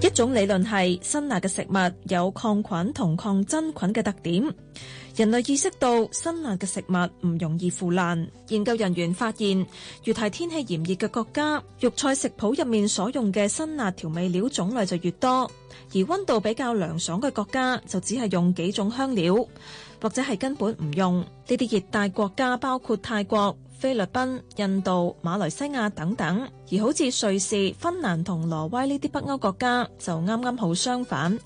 一種理論係辛辣嘅食物有抗菌同抗真菌嘅特點。人類意識到辛辣嘅食物唔容易腐爛。研究人員發現，越係天氣炎熱嘅國家，肉菜食譜入面所用嘅辛辣調味料種類就越多；而溫度比較涼爽嘅國家就只係用幾種香料，或者係根本唔用。呢啲熱帶國家包括泰國。菲律賓、印度、馬來西亞等等，而好似瑞士、芬蘭同挪威呢啲北歐國家就啱啱好相反，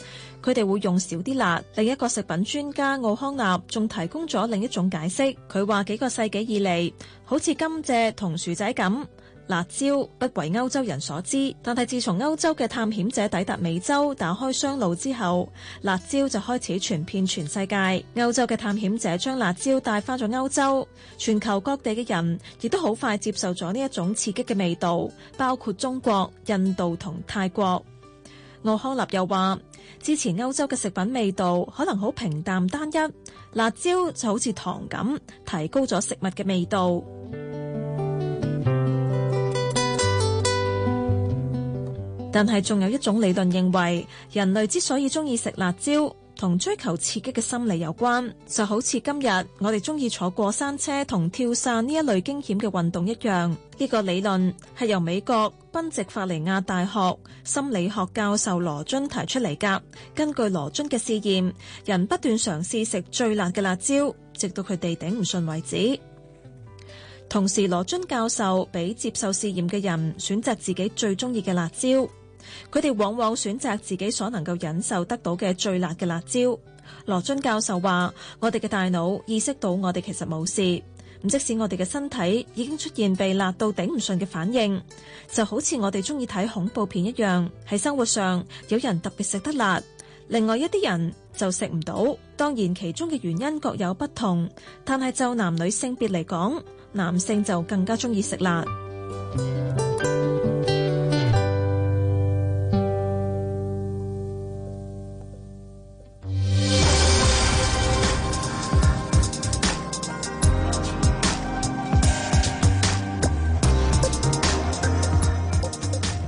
佢哋會用少啲辣。另一個食品專家奧康納仲提供咗另一種解釋，佢話幾個世紀以嚟，好似甘蔗同薯仔咁。辣椒不為歐洲人所知，但係自從歐洲嘅探險者抵達美洲，打開商路之後，辣椒就開始傳遍全世界。歐洲嘅探險者將辣椒帶翻咗歐洲，全球各地嘅人亦都好快接受咗呢一種刺激嘅味道，包括中國、印度同泰國。奧康納又話，之前歐洲嘅食品味道可能好平淡單一，辣椒就好似糖咁，提高咗食物嘅味道。但係仲有一種理論認為，人類之所以中意食辣椒，同追求刺激嘅心理有關，就好似今日我哋中意坐過山車同跳傘呢一類驚險嘅運動一樣。呢個理論係由美國賓夕法尼亞大學心理學教授羅津提出嚟㗎。根據羅津嘅試驗，人不斷嘗試食最辣嘅辣椒，直到佢哋頂唔順為止。同時，羅津教授俾接受試驗嘅人選擇自己最中意嘅辣椒。佢哋往往選擇自己所能夠忍受得到嘅最辣嘅辣椒。羅津教授話，我哋嘅大腦意識到我哋其實冇事，咁即使我哋嘅身體已經出現被辣到頂唔順嘅反應，就好似我哋中意睇恐怖片一樣。喺生活上，有人特別食得辣，另外一啲人就食唔到。當然，其中嘅原因各有不同，但係就男女性別嚟講，男性就更加中意食辣。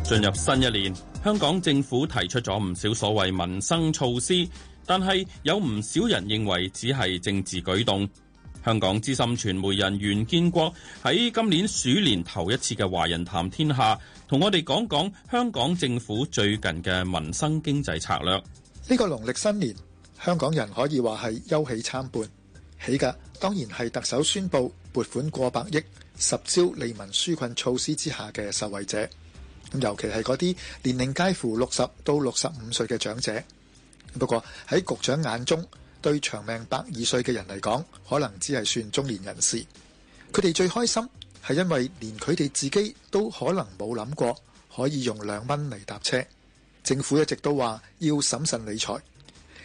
進入新一年，香港政府提出咗唔少所謂民生措施，但係有唔少人認為只係政治舉動。香港資深傳媒人袁建國喺今年鼠年頭一次嘅《華人談天下》同我哋講講香港政府最近嘅民生經濟策略。呢個農曆新年，香港人可以話係憂喜參半，喜嘅當然係特首宣布撥款過百億，十招利民紓困措施之下嘅受惠者。尤其係嗰啲年齡介乎六十到六十五歲嘅長者。不過喺局長眼中，對長命百二歲嘅人嚟講，可能只係算中年人士。佢哋最開心係因為連佢哋自己都可能冇諗過可以用兩蚊嚟搭車。政府一直都話要審慎理財，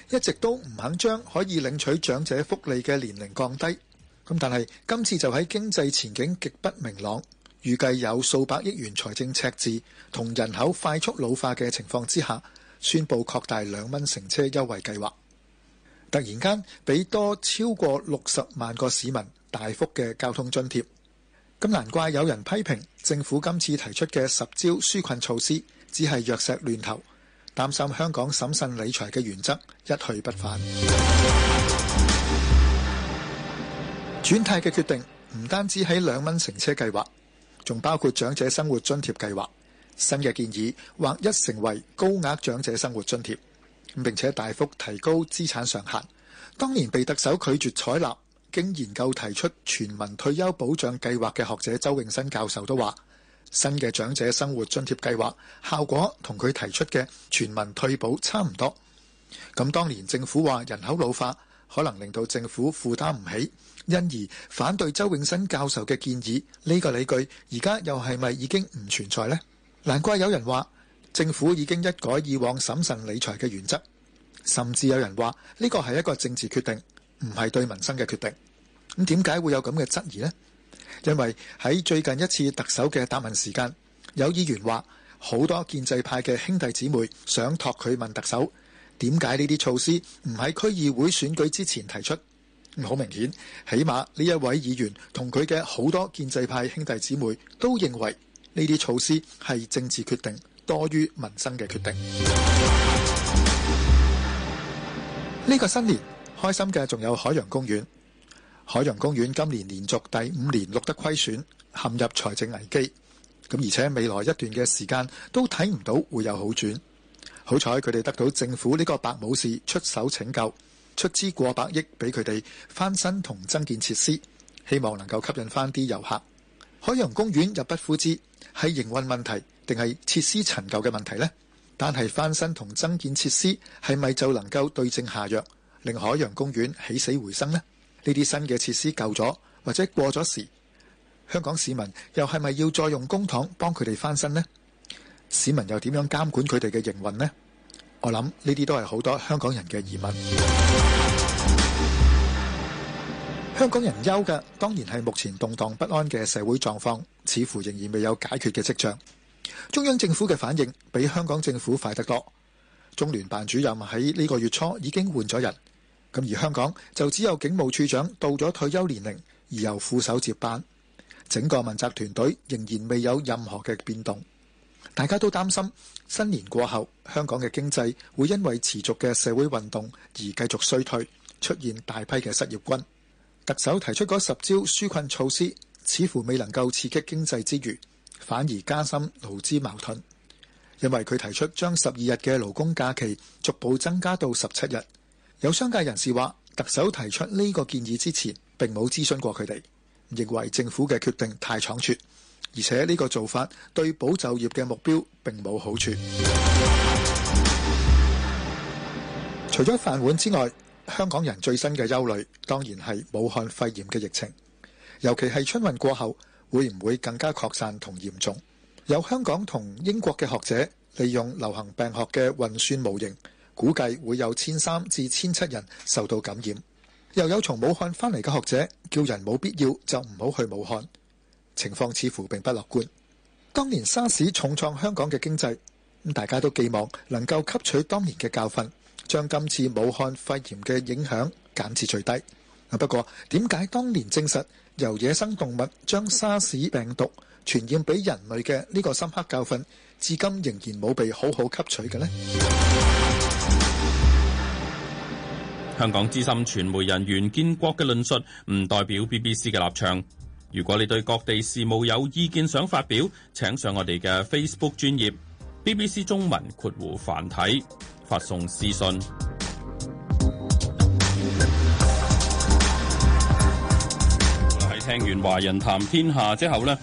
一直都唔肯將可以領取長者福利嘅年齡降低。咁但係今次就喺經濟前景極不明朗，預計有數百億元財政赤字同人口快速老化嘅情況之下，宣布擴大兩蚊乘車優惠計劃，突然間俾多超過六十萬個市民大幅嘅交通津貼。咁難怪有人批評政府今次提出嘅十招紓困措施只係藥石亂投，擔心香港審慎理財嘅原則一去不返。轉軚嘅決定唔單止喺兩蚊乘車計劃。仲包括長者生活津貼計劃，新嘅建議劃一成為高額長者生活津貼，咁並且大幅提高資產上限。當年被特首拒絕採納，經研究提出全民退休保障計劃嘅學者周永新教授都話：新嘅長者生活津貼計劃效果同佢提出嘅全民退保差唔多。咁當年政府話人口老化可能令到政府負擔唔起。因而反對周永新教授嘅建議，呢個理據而家又係咪已經唔存在咧？難怪有人話政府已經一改以往審慎理財嘅原則，甚至有人話呢個係一個政治決定，唔係對民生嘅決定。咁點解會有咁嘅質疑咧？因為喺最近一次特首嘅答問時間，有議員話好多建制派嘅兄弟姊妹想托佢問特首，點解呢啲措施唔喺區議會選舉之前提出？好明顯，起碼呢一位議員同佢嘅好多建制派兄弟姊妹都認為呢啲措施係政治決定，多於民生嘅決定。呢 個新年開心嘅仲有海洋公園。海洋公園今年連續第五年錄得虧損，陷入財政危機。咁而且未來一段嘅時間都睇唔到會有好轉。好彩佢哋得到政府呢個白武士出手拯救。出資過百億俾佢哋翻新同增建設施，希望能夠吸引翻啲遊客。海洋公園入不敷支，係營運問題定係設施陳舊嘅問題呢？但係翻新同增建設施係咪就能夠對症下藥，令海洋公園起死回生呢？呢啲新嘅設施舊咗或者過咗時，香港市民又係咪要再用公帑幫佢哋翻新呢？市民又點樣監管佢哋嘅營運呢？我諗呢啲都係好多香港人嘅疑問。香港人憂嘅，當然係目前動盪不安嘅社會狀況，似乎仍然未有解決嘅跡象。中央政府嘅反應比香港政府快得多。中聯辦主任喺呢個月初已經換咗人，咁而香港就只有警務處長到咗退休年齡，而由副手接班。整個問責團隊仍然未有任何嘅變動。大家都擔心新年過後香港嘅經濟會因為持續嘅社會運動而繼續衰退，出現大批嘅失業軍。特首提出嗰十招紓困措施，似乎未能夠刺激經濟之餘，反而加深勞資矛盾。因為佢提出將十二日嘅勞工假期逐步增加到十七日，有商界人士話，特首提出呢個建議之前並冇諮詢過佢哋，認為政府嘅決定太倉促。而且呢個做法對保就業嘅目標並冇好處。 除咗飯碗之外，香港人最新嘅憂慮當然係武漢肺炎嘅疫情，尤其係春運過後會唔會更加擴散同嚴重？有香港同英國嘅學者利用流行病學嘅運算模型估計會有千三至千七人受到感染，又有從武漢翻嚟嘅學者叫人冇必要就唔好去武漢。情況似乎並不樂觀。當年沙士重創香港嘅經濟，咁大家都寄望能夠吸取當年嘅教訓，將今次武漢肺炎嘅影響減至最低。不過，點解當年證實由野生動物將沙士病毒傳染俾人類嘅呢個深刻教訓，至今仍然冇被好好吸取嘅呢？香港資深傳媒人袁建國嘅論述唔代表 BBC 嘅立場。如果你對各地事務有意見想發表，請上我哋嘅 Facebook 專頁 BBC 中文括弧繁體發送私信。喺 聽完華人談天下之後呢，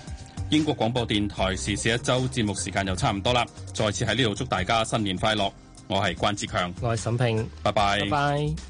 英國廣播電臺時事一周節目時間又差唔多啦。再次喺呢度祝大家新年快樂，我係關志強，我係沈平，拜拜拜。Bye bye